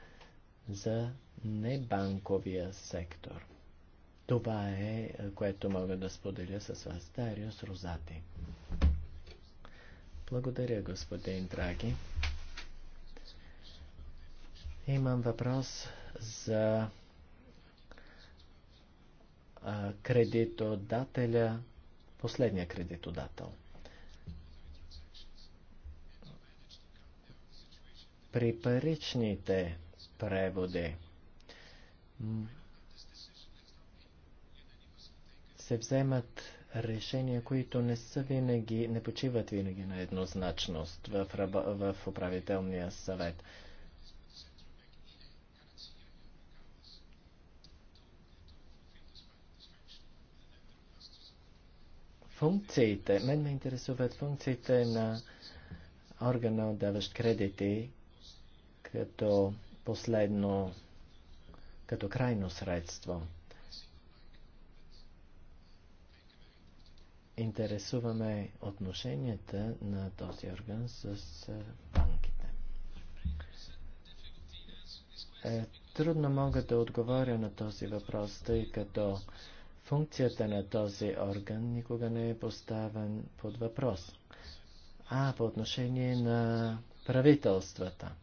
за небанковия сектор. Това е, което мога да споделя с вас, Дариус Розати. Благодаря, господин Драги. Имам въпрос за кредитодателя, последния кредитодател – при паричните преводи се вземат решения, които не са винаги, не почиват винаги на еднозначност в, в управителния съвет. Функциите, мен ме интересуват функциите на органа, отдаващ кредити като последно, като крайно средство. Интересуваме отношенията на този орган с банките. Е, трудно мога да отговоря на този въпрос, тъй като функцията на този орган никога не е поставен под въпрос. А, по отношение на правителствата –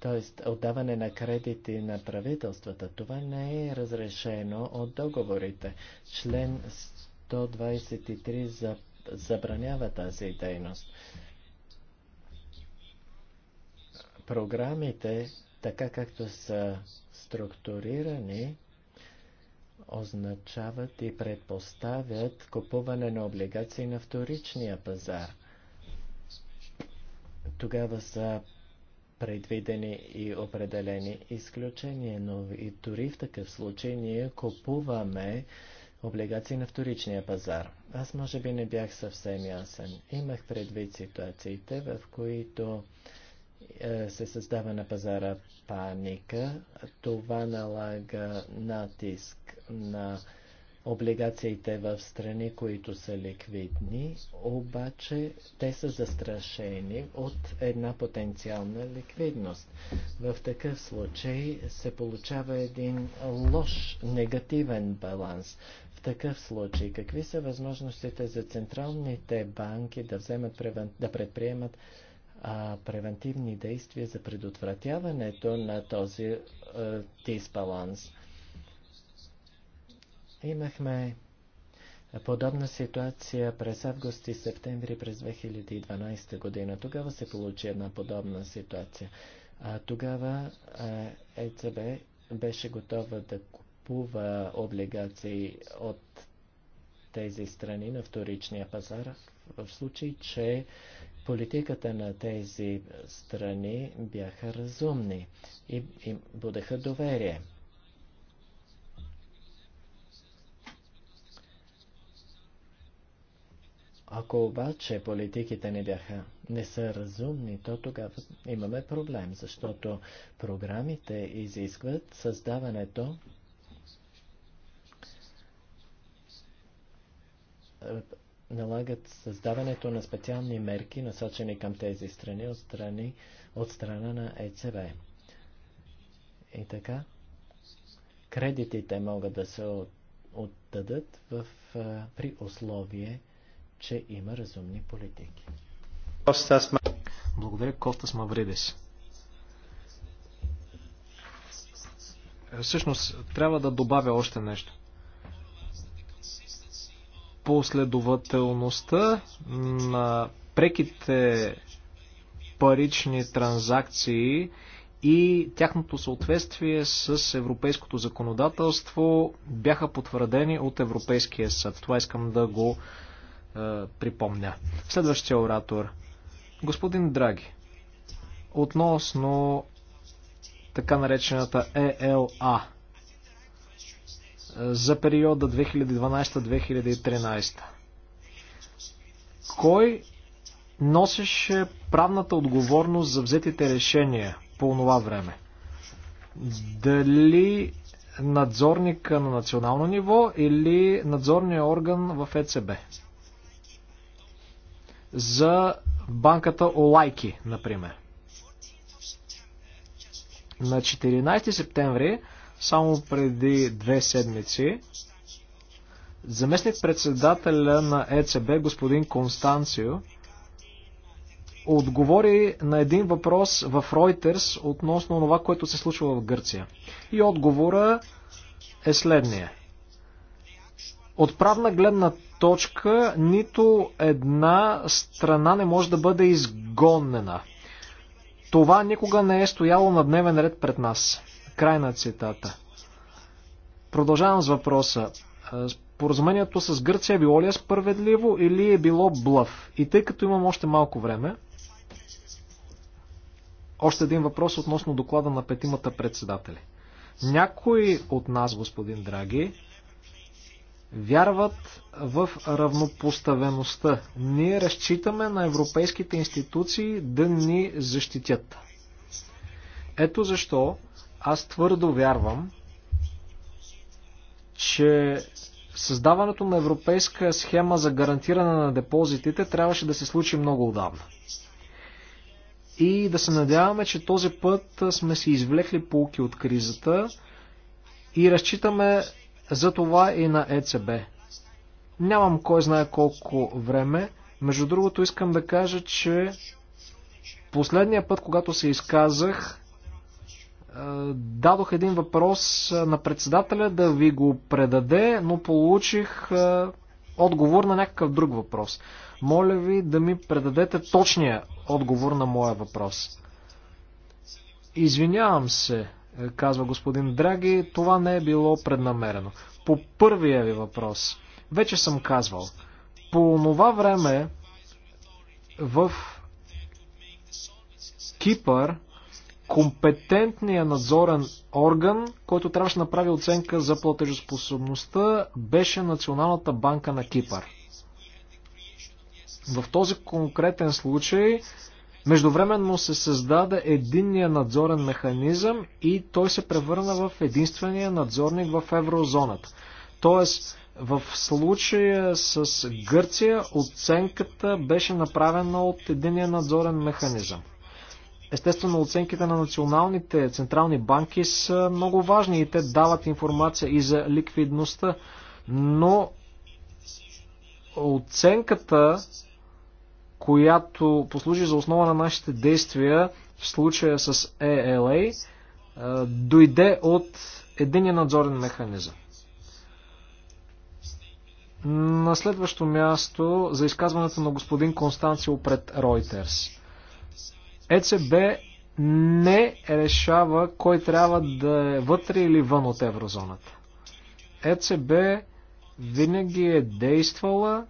т.е. отдаване на кредити на правителствата. Това не е разрешено от договорите. Член 123 забранява тази дейност. Програмите, така както са структурирани, означават и предпоставят купуване на облигации на вторичния пазар. Тогава са предвидени и определени изключения, но и дори в такъв случай ние купуваме облигации на вторичния пазар. Аз може би не бях съвсем ясен. Имах предвид ситуациите, в които е, се създава на пазара паника. Това налага натиск на облигациите в страни, които са ликвидни, обаче те са застрашени от една потенциална ликвидност. В такъв случай се получава един лош, негативен баланс. В такъв случай, какви са възможностите за централните банки да, вземат, превен... да предприемат а, превентивни действия за предотвратяването на този а, дисбаланс? Имахме подобна ситуация през август и септември през 2012 година. Тогава се получи една подобна ситуация. А, тогава ЕЦБ беше готова да купува облигации от тези страни на вторичния пазар, в случай, че политиката на тези страни бяха разумни и, им будеха доверие. Ако обаче политиките не бяха, не са разумни, то тогава имаме проблем, защото програмите изискват създаването е, налагат създаването на специални мерки, насочени към тези страни от, страни, от страна на ЕЦБ. И така, кредитите могат да се отдадат в, е, при условие, че има разумни политики. Благодаря, Костас Мавридис. Всъщност, трябва да добавя още нещо. Последователността на преките парични транзакции и тяхното съответствие с европейското законодателство бяха потвърдени от Европейския съд. Това искам да го е, припомня. Следващия оратор. Господин Драги, относно така наречената ЕЛА е, за периода 2012-2013. Кой носеше правната отговорност за взетите решения по това време? Дали надзорника на национално ниво или надзорния орган в ЕЦБ? за банката Олайки, например. На 14 септември, само преди две седмици, заместник председателя на ЕЦБ, господин Констанцио, отговори на един въпрос в Ройтерс относно това, което се случва в Гърция. И отговора е следния. От правна гледна точка нито една страна не може да бъде изгонена. Това никога не е стояло на дневен ред пред нас. Край на цитата. Продължавам с въпроса. Е, Поразумението с Гърция е било ли е справедливо или е било блъв? И тъй като имам още малко време, още един въпрос относно доклада на петимата председатели. Някой от нас, господин Драги, вярват в равнопоставеността. Ние разчитаме на европейските институции да ни защитят. Ето защо аз твърдо вярвам, че създаването на европейска схема за гарантиране на депозитите трябваше да се случи много отдавна. И да се надяваме, че този път сме си извлекли полки от кризата и разчитаме за това и на ЕЦБ. Нямам кой знае колко време. Между другото искам да кажа, че последния път, когато се изказах, е, дадох един въпрос на председателя да ви го предаде, но получих е, отговор на някакъв друг въпрос. Моля ви да ми предадете точния отговор на моя въпрос. Извинявам се. Е, казва господин Драги, това не е било преднамерено. По първия ви въпрос, вече съм казвал, по това време в Кипър компетентният надзорен орган, който трябваше да направи оценка за платежоспособността, беше Националната банка на Кипър. В този конкретен случай Междувременно се създаде единния надзорен механизъм и той се превърна в единствения надзорник в еврозоната. Тоест, в случая с Гърция оценката беше направена от единния надзорен механизъм. Естествено, оценките на националните централни банки са много важни и те дават информация и за ликвидността, но оценката която послужи за основа на нашите действия в случая с ELA, дойде от единия надзорен механизъм. На следващо място за изказването на господин Констанцио пред Reuters. ЕЦБ не решава кой трябва да е вътре или вън от еврозоната. ЕЦБ винаги е действала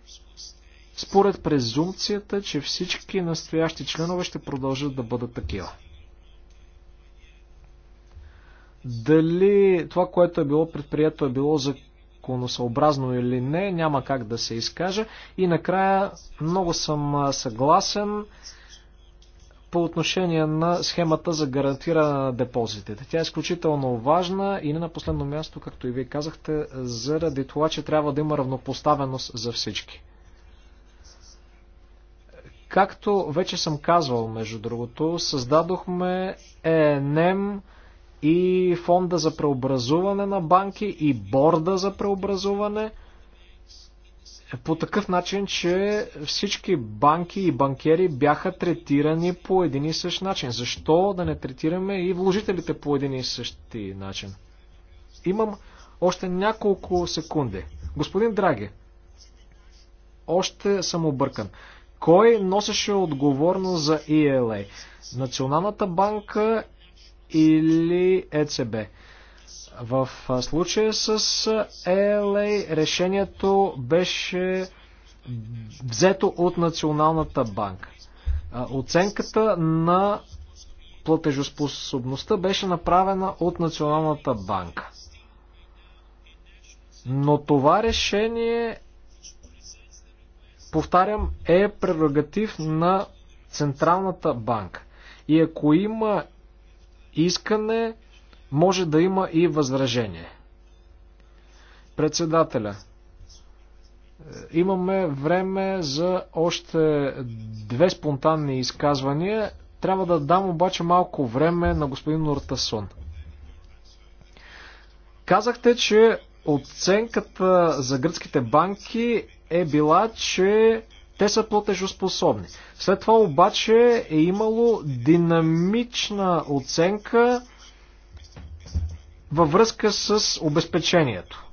според презумцията, че всички настоящи членове ще продължат да бъдат такива. Дали това, което е било предприето, е било законосъобразно или не, няма как да се изкаже. И накрая много съм съгласен по отношение на схемата за гарантиране на депозитите. Тя е изключително важна и не на последно място, както и вие казахте, заради това, че трябва да има равнопоставеност за всички. Както вече съм казвал, между другото, създадохме ЕНМ и фонда за преобразуване на банки и борда за преобразуване по такъв начин, че всички банки и банкери бяха третирани по един и същ начин. Защо да не третираме и вложителите по един и същи начин? Имам още няколко секунди. Господин Драги, още съм объркан. Кой носеше отговорност за ELA? Националната банка или ЕЦБ? В случая с ELA решението беше взето от Националната банка. Оценката на платежоспособността беше направена от Националната банка. Но това решение повтарям, е прерогатив на Централната банка. И ако има искане, може да има и възражение. Председателя, е, имаме време за още две спонтанни изказвания. Трябва да дам обаче малко време на господин Нортасон. Казахте, че оценката за гръцките банки е била, че те са платежоспособни. След това обаче е имало динамична оценка във връзка с обезпечението.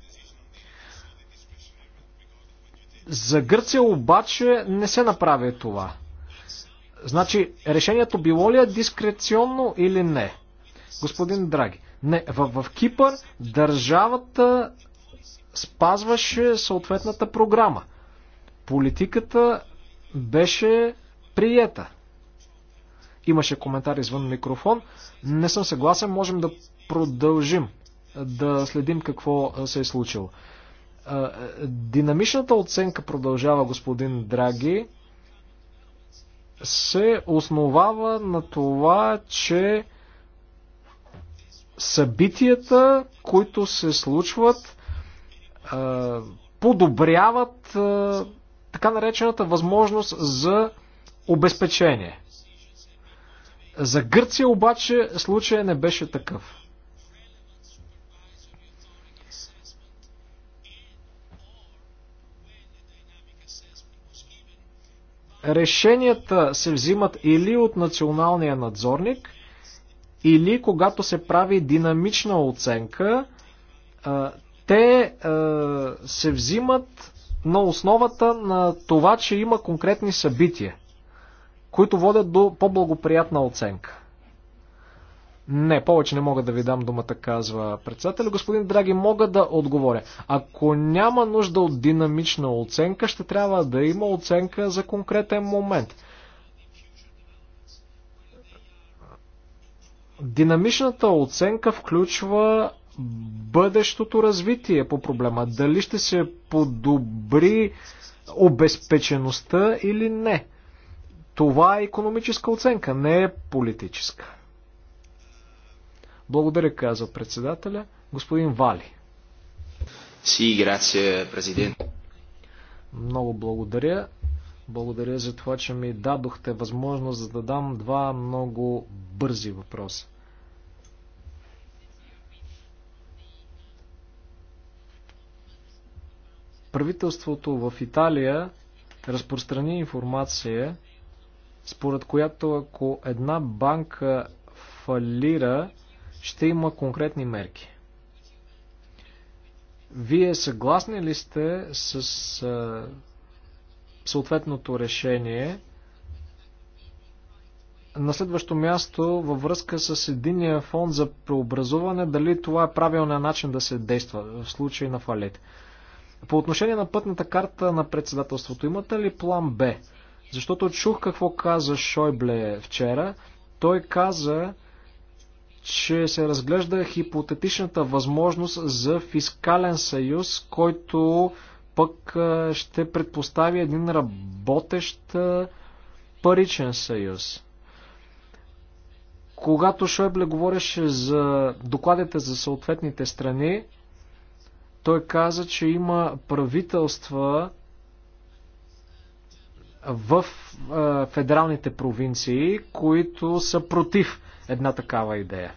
За Гърция обаче не се направи това. Значи, решението било ли е дискреционно или не? Господин Драги, не, в, в Кипър държавата спазваше съответната програма. Политиката беше приета. Имаше коментар извън микрофон. Не съм съгласен, можем да продължим да следим какво се е случило. Динамичната оценка, продължава господин Драги, се основава на това, че събитията, които се случват, подобряват а, така наречената възможност за обезпечение. За Гърция обаче случая не беше такъв. Решенията се взимат или от националния надзорник, или когато се прави динамична оценка, те е, се взимат на основата на това, че има конкретни събития, които водят до по-благоприятна оценка. Не, повече не мога да ви дам думата, казва председател. Господин Драги, мога да отговоря. Ако няма нужда от динамична оценка, ще трябва да има оценка за конкретен момент. Динамичната оценка включва бъдещото развитие по проблема. Дали ще се подобри обезпечеността или не. Това е економическа оценка, не е политическа. Благодаря, каза председателя. Господин Вали. Си, грация, президент. Много благодаря. Благодаря за това, че ми дадохте възможност да дам два много бързи въпроса. Правителството в Италия разпространи информация, според която ако една банка фалира, ще има конкретни мерки. Вие съгласни ли сте с съответното решение? На следващо място, във връзка с единия фонд за преобразуване, дали това е правилният начин да се действа в случай на фалит? По отношение на пътната карта на председателството, имате ли план Б? Защото чух какво каза Шойбле вчера. Той каза, че се разглежда хипотетичната възможност за фискален съюз, който пък ще предпостави един работещ паричен съюз. Когато Шойбле говореше за докладите за съответните страни, той каза, че има правителства в е, федералните провинции, които са против една такава идея.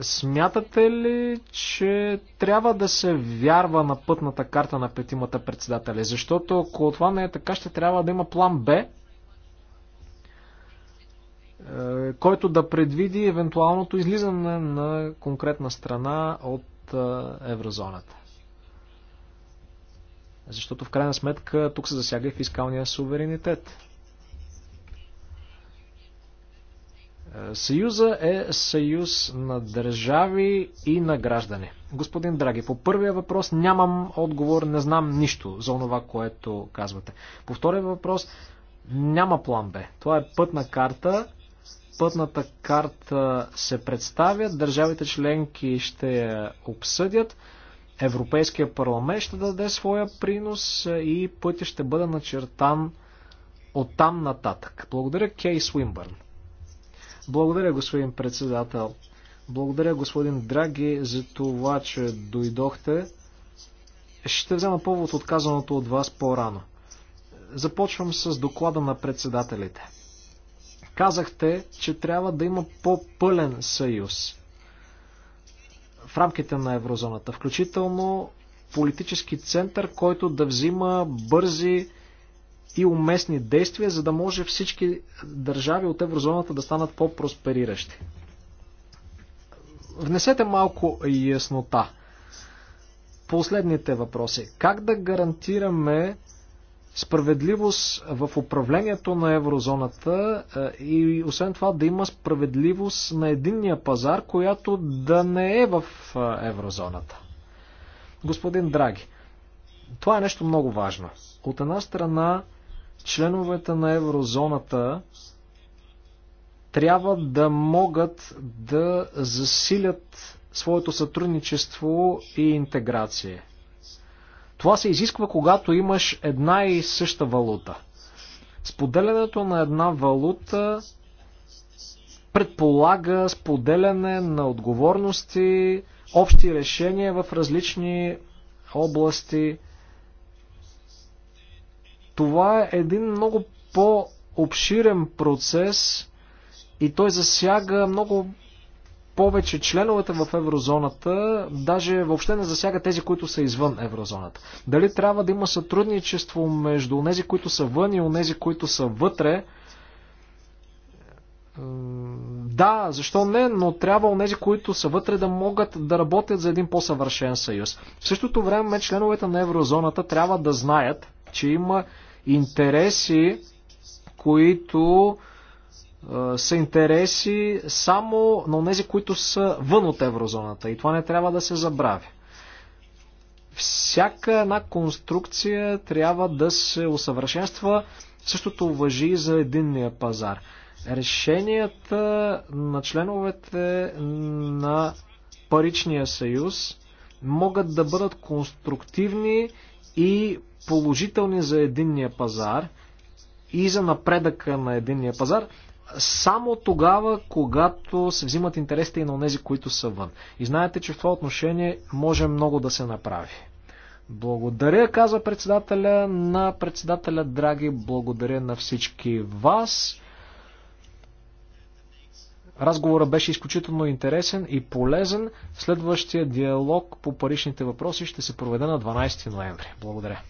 Смятате ли, че трябва да се вярва на пътната карта на петимата председателя, Защото ако това не е така, ще трябва да има план Б, е, който да предвиди евентуалното излизане на конкретна страна от еврозоната. Защото в крайна сметка тук се засяга и фискалния суверенитет. Съюза е съюз на държави и на граждани. Господин Драги, по първия въпрос нямам отговор, не знам нищо за това, което казвате. По втория въпрос няма план Б. Това е пътна карта, пътната карта се представят, държавите членки ще я обсъдят, Европейския парламент ще даде своя принос и пътя ще бъде начертан от там нататък. Благодаря Кей Свинбърн. Благодаря господин председател. Благодаря господин Драги за това, че дойдохте. Ще взема повод от казаното от вас по-рано. Започвам с доклада на председателите. Казахте, че трябва да има по-пълен съюз в рамките на еврозоната, включително политически център, който да взима бързи и уместни действия, за да може всички държави от еврозоната да станат по-проспериращи. Внесете малко яснота. Последните въпроси. Как да гарантираме справедливост в управлението на еврозоната е, и освен това да има справедливост на единния пазар, която да не е в е, еврозоната. Господин Драги, това е нещо много важно. От една страна, членовете на еврозоната трябва да могат да засилят своето сътрудничество и интеграция. Това се изисква, когато имаш една и съща валута. Споделянето на една валута предполага споделяне на отговорности, общи решения в различни области. Това е един много по-обширен процес и той засяга много повече членовете в еврозоната даже въобще не засяга тези, които са извън еврозоната. Дали трябва да има сътрудничество между тези, които са вън и онези, които са вътре? Да, защо не, но трябва онези, които са вътре да могат да работят за един по-съвършен съюз. В същото време членовете на еврозоната трябва да знаят, че има интереси, които са интереси само на тези, които са вън от еврозоната. И това не трябва да се забрави. Всяка една конструкция трябва да се усъвършенства. Същото въжи и за единния пазар. Решенията на членовете на паричния съюз могат да бъдат конструктивни и положителни за единния пазар и за напредъка на единния пазар, само тогава, когато се взимат интересите и на тези, които са вън. И знаете, че в това отношение може много да се направи. Благодаря, каза председателя на председателя Драги. Благодаря на всички вас. Разговорът беше изключително интересен и полезен. Следващия диалог по паричните въпроси ще се проведе на 12 ноември. Благодаря.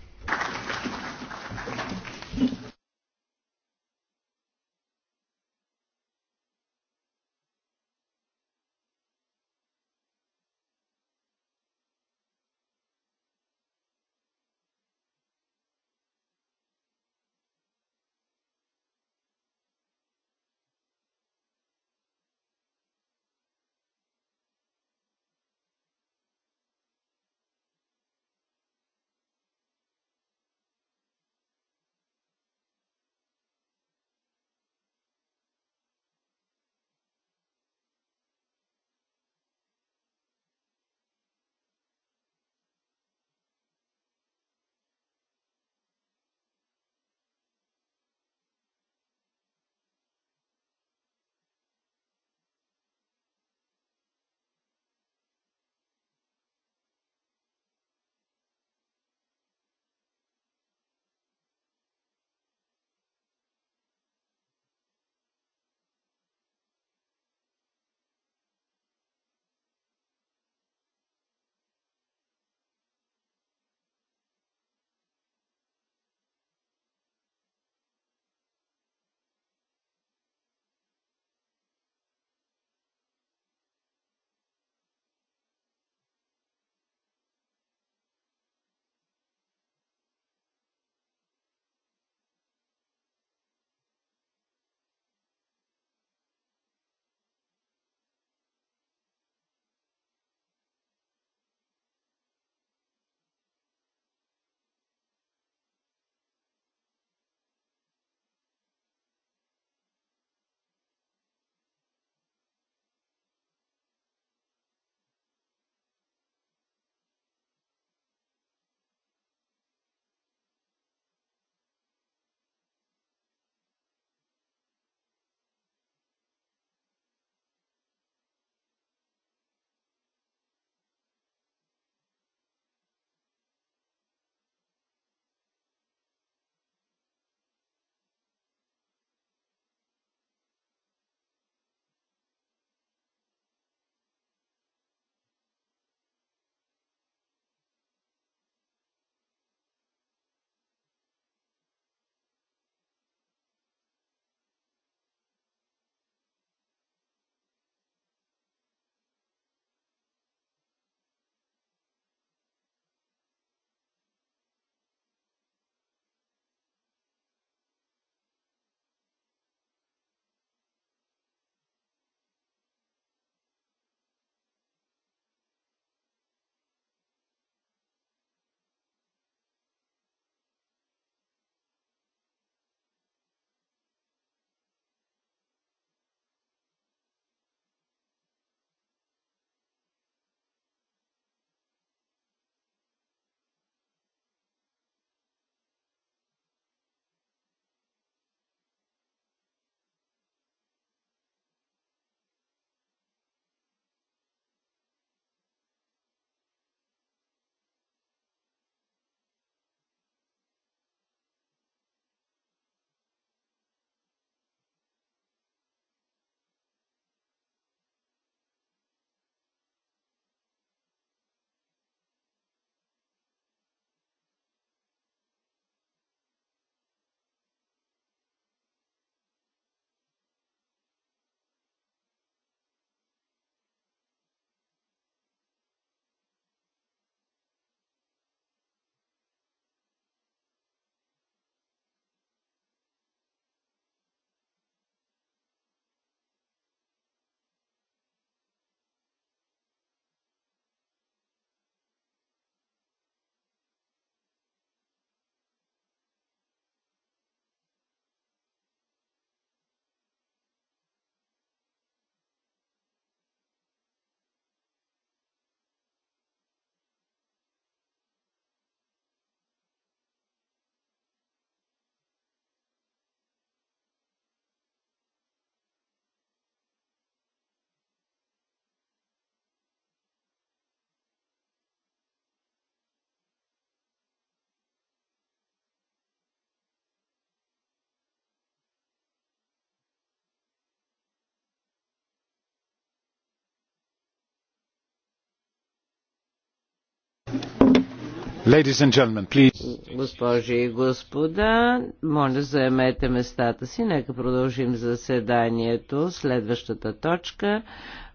Госпожи и господа, моля заемете местата си. Нека продължим заседанието. Следващата точка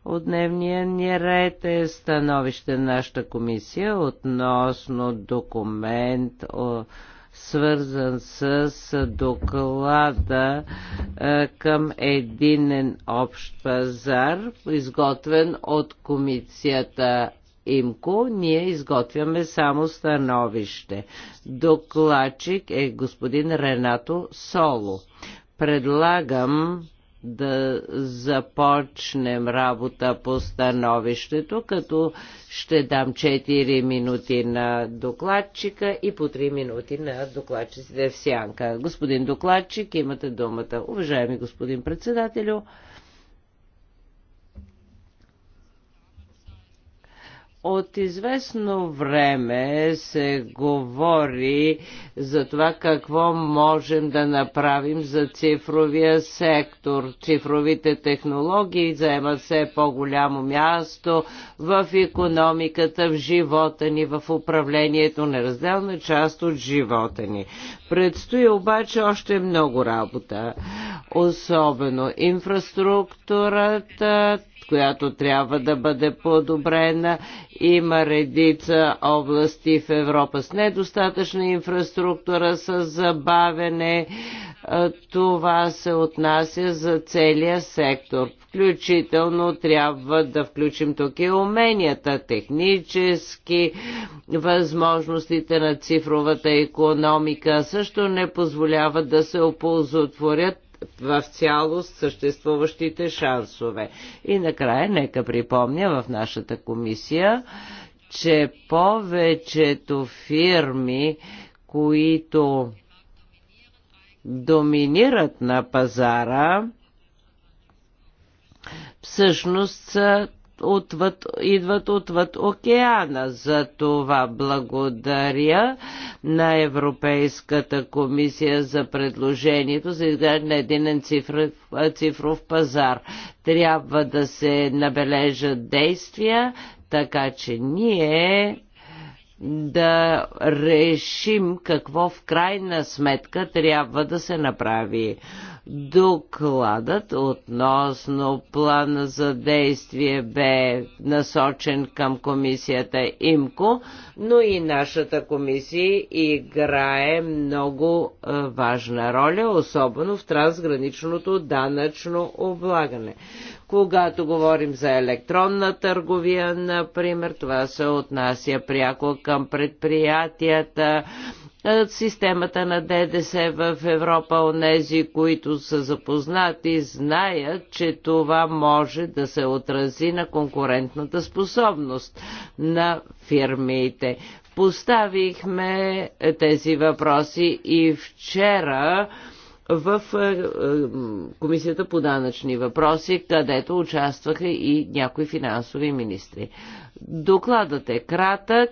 от дневния ни ред е становище на нашата комисия относно документ о свързан с доклада е, към единен общ пазар, изготвен от комисията ИМКО, ние изготвяме само становище. Докладчик е господин Ренато Соло. Предлагам да започнем работа по становището, като ще дам 4 минути на докладчика и по 3 минути на докладчиците в сянка. Господин докладчик, имате думата. Уважаеми господин председателю, От известно време се говори за това какво можем да направим за цифровия сектор. Цифровите технологии заемат все по-голямо място в економиката, в живота ни, в управлението, неразделна част от живота ни. Предстои обаче още много работа, особено инфраструктурата, която трябва да бъде подобрена има редица области в Европа с недостатъчна инфраструктура, с забавене. Е, това се отнася за целия сектор. Включително трябва да включим тук и уменията, технически, възможностите на цифровата економика също не позволяват да се оползотворят в цялост съществуващите шансове. И накрая, нека припомня в нашата комисия, че повечето фирми, които доминират на пазара, всъщност са отвъд, идват отвъд океана. За това благодаря на Европейската комисия за предложението за изграждане на един цифров, цифров пазар. Трябва да се набележат действия, така че ние да решим какво в крайна сметка трябва да се направи. Докладът относно плана за действие бе насочен към комисията ИМКО, но и нашата комисия играе много е, важна роля, особено в трансграничното данъчно облагане. Когато говорим за електронна търговия, например, това се отнася пряко към предприятията, е, системата на ДДС в Европа. Онези, които са запознати, знаят, че това може да се отрази на конкурентната способност на фирмите. Поставихме тези въпроси и вчера в е, е, Комисията по данъчни въпроси, където участваха и някои финансови министри. Докладът е кратък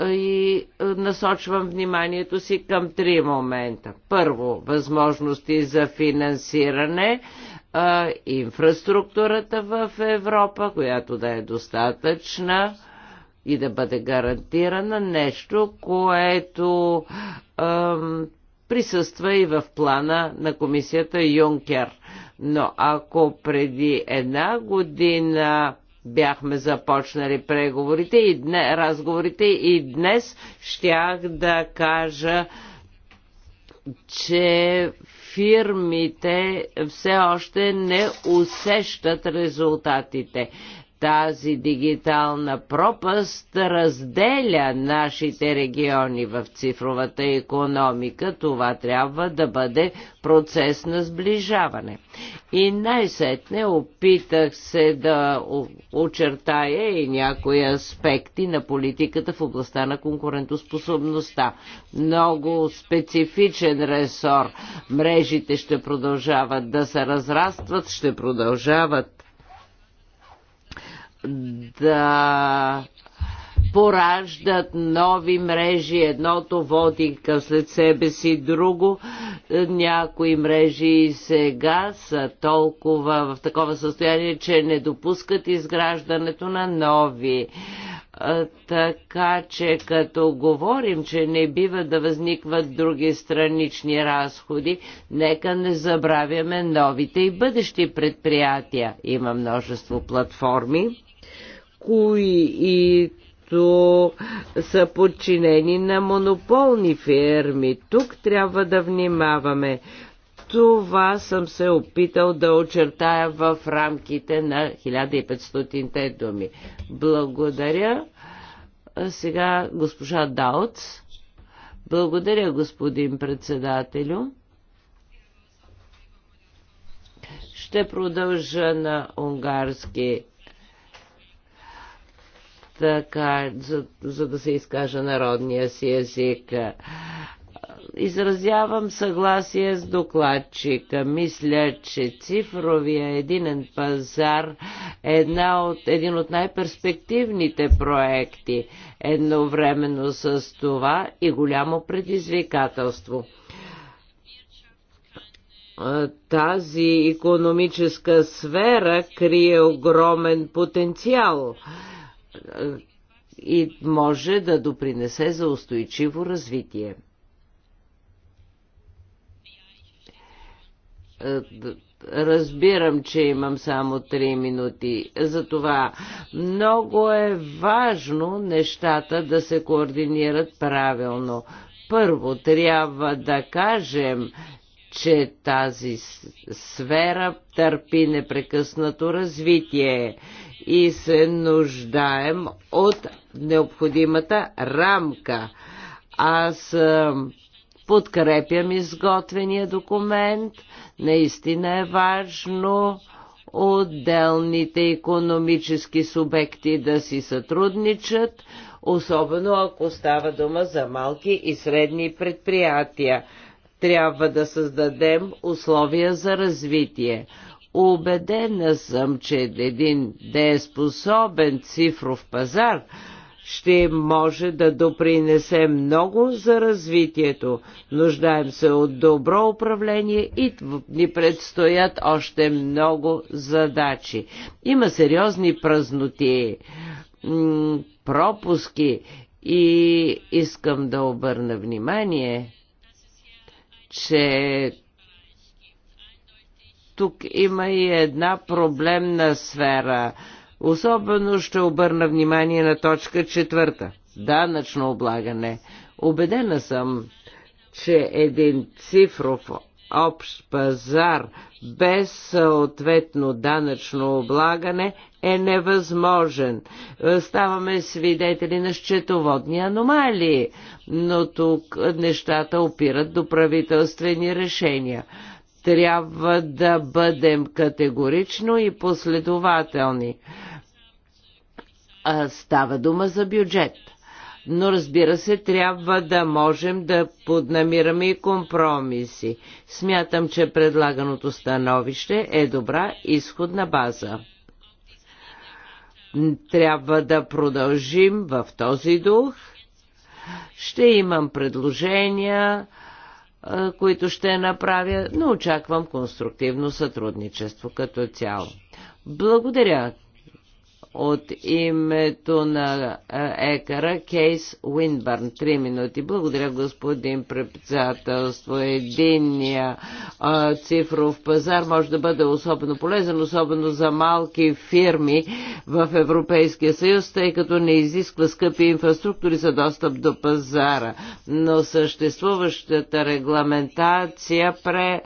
и е, насочвам вниманието си към три момента. Първо, възможности за финансиране, е, инфраструктурата в Европа, която да е достатъчна и да бъде гарантирана нещо, което ем, присъства и в плана на комисията Юнкер. Но ако преди една година бяхме започнали преговорите и дне, разговорите и днес щях да кажа, че фирмите все още не усещат резултатите. Тази дигитална пропаст разделя нашите региони в цифровата економика. Това трябва да бъде процес на сближаване. И най-сетне опитах се да очертая и някои аспекти на политиката в областта на конкурентоспособността. Много специфичен ресор. Мрежите ще продължават да се разрастват, ще продължават да пораждат нови мрежи. Едното води към след себе си друго. Някои мрежи и сега са толкова в такова състояние, че не допускат изграждането на нови. Така че като говорим, че не бива да възникват други странични разходи, нека не забравяме новите и бъдещи предприятия. Има множество платформи които са подчинени на монополни фирми. Тук трябва да внимаваме. Това съм се опитал да очертая в рамките на 1500-те думи. Благодаря. Сега госпожа Даоц. Благодаря, господин председателю. Ще продължа на унгарски така, за, за да се изкажа народния си език. Изразявам съгласие с докладчика. Мисля, че цифровия единен пазар е една от, един от най-перспективните проекти, едновременно с това и голямо предизвикателство тази економическа сфера крие огромен потенциал и може да допринесе за устойчиво развитие. Разбирам, че имам само 3 минути. Затова много е важно нещата да се координират правилно. Първо трябва да кажем, че тази сфера търпи непрекъснато развитие и се нуждаем от необходимата рамка. Аз подкрепям изготвения документ. Наистина е важно отделните економически субекти да си сътрудничат, особено ако става дума за малки и средни предприятия. Трябва да създадем условия за развитие. Убедена съм, че един дееспособен цифров пазар ще може да допринесе много за развитието. Нуждаем се от добро управление и ни предстоят още много задачи. Има сериозни празноти, пропуски и искам да обърна внимание, че тук има и една проблемна сфера. Особено ще обърна внимание на точка четвърта. Данъчно облагане. Обедена съм, че един цифров общ пазар без съответно данъчно облагане е невъзможен. Ставаме свидетели на счетоводни аномалии, но тук нещата опират до правителствени решения трябва да бъдем категорично и последователни. А става дума за бюджет но разбира се, трябва да можем да поднамираме и компромиси. Смятам, че предлаганото становище е добра изходна база. Трябва да продължим в този дух. Ще имам предложения, които ще направя, но очаквам конструктивно сътрудничество като цяло. Благодаря, от името на екара Кейс Уинбърн. Три минути. Благодаря, господин председателство. Единния цифров пазар може да бъде особено полезен, особено за малки фирми в Европейския съюз, тъй като не изисква скъпи инфраструктури за достъп до пазара. Но съществуващата регламентация пре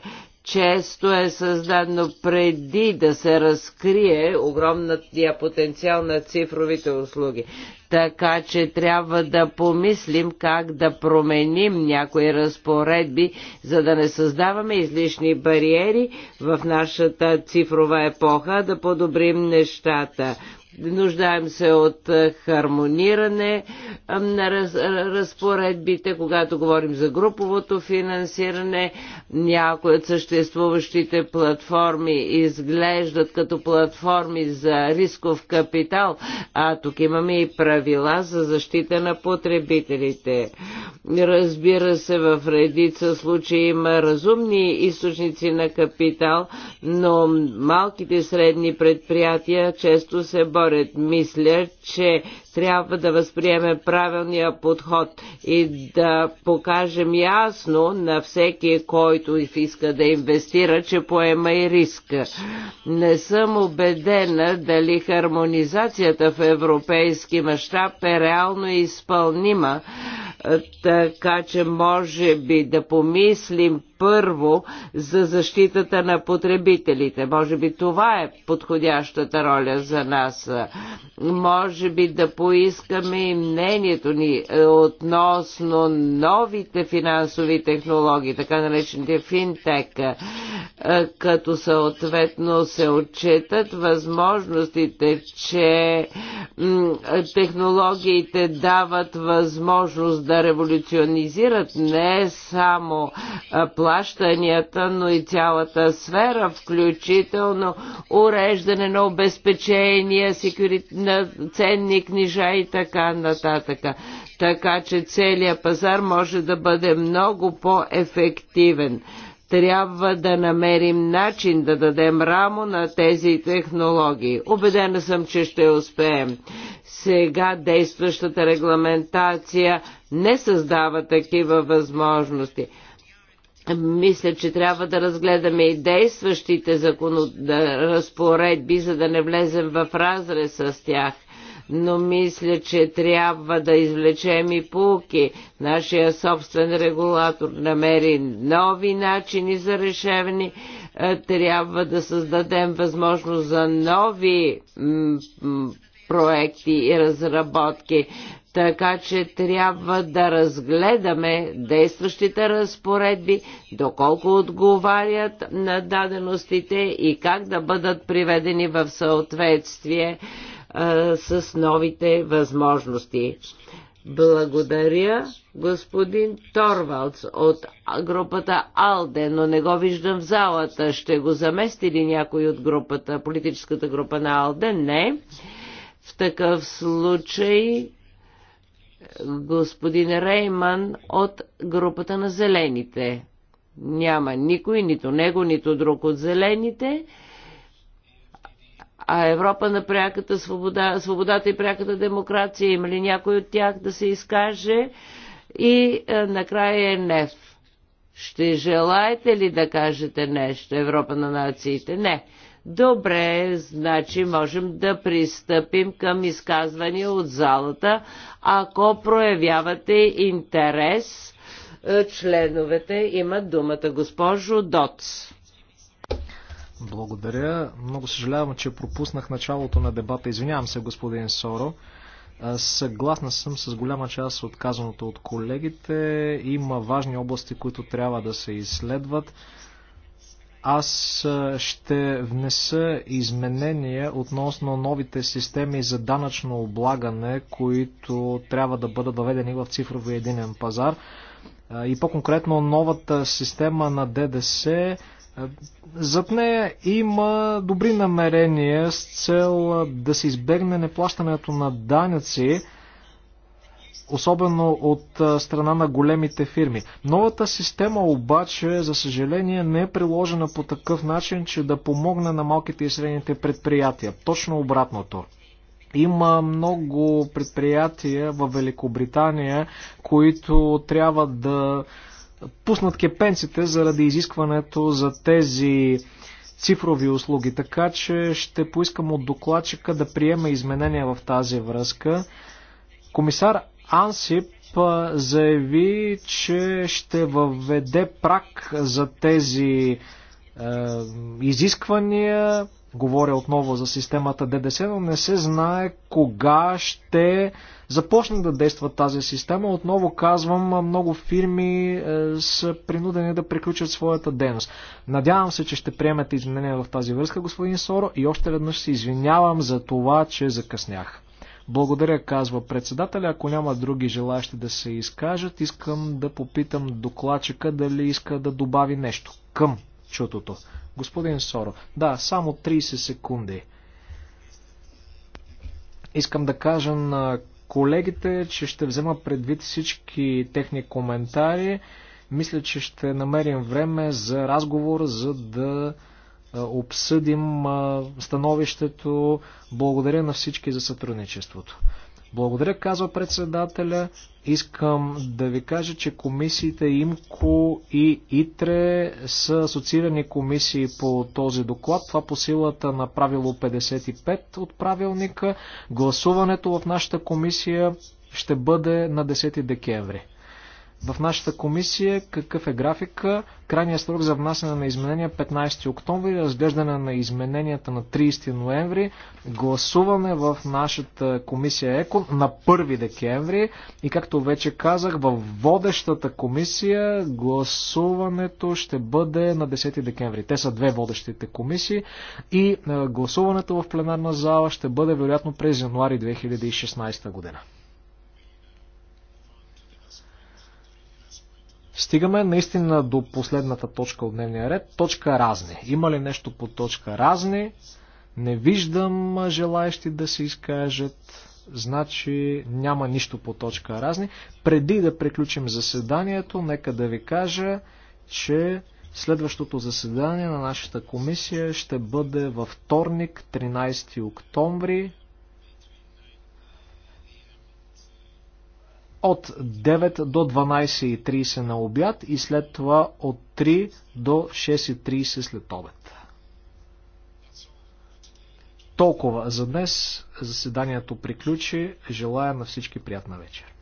често е създадено преди да се разкрие огромната потенциал на цифровите услуги. Така че трябва да помислим как да променим някои разпоредби, за да не създаваме излишни бариери в нашата цифрова епоха, да подобрим нещата. Нуждаем се от е, хармониране на раз, разпоредбите, когато говорим за груповото финансиране. Някои от съществуващите платформи изглеждат като платформи за рисков капитал, а тук имаме и правила за защита на потребителите. Разбира се, в редица случаи има разумни източници на капитал, но малките и средни предприятия често се съборят. Мисля, че трябва да възприеме правилния подход и да покажем ясно на всеки, който иска да инвестира, че поема и риска. Не съм убедена дали хармонизацията в европейски мащаб е реално изпълнима, така че може би да помислим първо за защитата на потребителите. Може би това е подходящата роля за нас. Може би да по поискаме и мнението ни е, относно новите финансови технологии, така наречените Финтека, е, като съответно се отчетат възможностите, че технологиите дават възможност да революционизират не само плащанията, но и цялата сфера, включително уреждане на обезпечения, секюрит... на ценни книжа, мрежа и така нататък. Така че целият пазар може да бъде много по-ефективен трябва да намерим начин да дадем рамо на тези технологии. Обедена съм, че ще успеем. Сега действащата регламентация не създава такива възможности. Мисля, че трябва да разгледаме и действащите законод... разпоредби, за да не влезем в разрез с тях но мисля, че трябва да извлечем и пулки. Нашия собствен регулатор намери нови начини за решение. Е, трябва да създадем възможност за нови проекти и разработки така че трябва да разгледаме действащите разпоредби, доколко отговарят на даденостите и как да бъдат приведени в съответствие с новите възможности. Благодаря, господин Торвалц от групата Алде, но не го виждам в залата. Ще го замести ли някой от групата, политическата група на Алде? Не. В такъв случай господин Рейман от групата на Зелените. Няма никой, нито него, нито друг от Зелените а Европа на пряката свобода, свободата и пряката демокрация. Има ли някой от тях да се изкаже? И а, е, накрая е НЕФ. Ще желаете ли да кажете нещо? Европа на нациите? Не. Добре, значи можем да пристъпим към изказвания от залата, ако проявявате интерес е, членовете имат думата. Госпожо Доц. Благодаря. Много съжалявам, че пропуснах началото на дебата. Извинявам се, господин Соро. Съгласна съм с голяма част от казаното от колегите. Има важни области, които трябва да се изследват. Аз ще внеса изменения относно новите системи за данъчно облагане, които трябва да бъдат въведени в цифрово единен пазар. И по-конкретно новата система на ДДС зад нея има добри намерения с цел да се избегне неплащането на данъци, особено от страна на големите фирми. Новата система обаче, за съжаление, не е приложена по такъв начин, че да помогне на малките и средните предприятия. Точно обратното. Има много предприятия в Великобритания, които трябва да пуснат кепенците заради изискването за тези цифрови услуги. Така че ще поискам от докладчика да приеме изменения в тази връзка. Комисар Ансип заяви, че ще въведе прак за тези е, изисквания. Говоря отново за системата ДДС, но не се знае кога ще Започна да действа тази система. Отново казвам, много фирми е, са принудени да приключат своята дейност. Надявам се, че ще приемете изменения в тази връзка, господин Соро, и още веднъж се извинявам за това, че закъснях. Благодаря, казва председателя. Ако няма други желащи да се изкажат, искам да попитам докладчика дали иска да добави нещо към чутото. Господин Соро, да, само 30 секунди. Искам да кажа на колегите, че ще взема предвид всички техни коментари. Мисля, че ще намерим време за разговор, за да обсъдим становището. Благодаря на всички за сътрудничеството. Благодаря, казва председателя. Искам да ви кажа, че комисиите ИМКО и ИТРЕ са асоциирани комисии по този доклад. Това по силата на правило 55 от правилника. Гласуването в нашата комисия ще бъде на 10 декември в нашата комисия какъв е графика. Крайният срок за внасяне на изменения 15 е октомври, разглеждане на измененията на 30 ноември, гласуване в нашата комисия ЕКО на 1 декември и както вече казах, в водещата комисия гласуването ще бъде на 10 декември. Те са две водещите комисии и е, гласуването в пленарна зала ще бъде вероятно през януари 2016 година. Стигаме наистина до последната точка от дневния ред. Точка разни. Има ли нещо по точка разни? Не виждам желаящи да се изкажат. Значи няма нищо по точка разни. Преди да приключим заседанието, нека да ви кажа, че следващото заседание на нашата комисия ще бъде във вторник, 13 октомври, от 9 до 12.30 на обяд и след това от 3 до 6.30 след обед. Толкова за днес. Заседанието приключи. Желая на всички приятна вечер.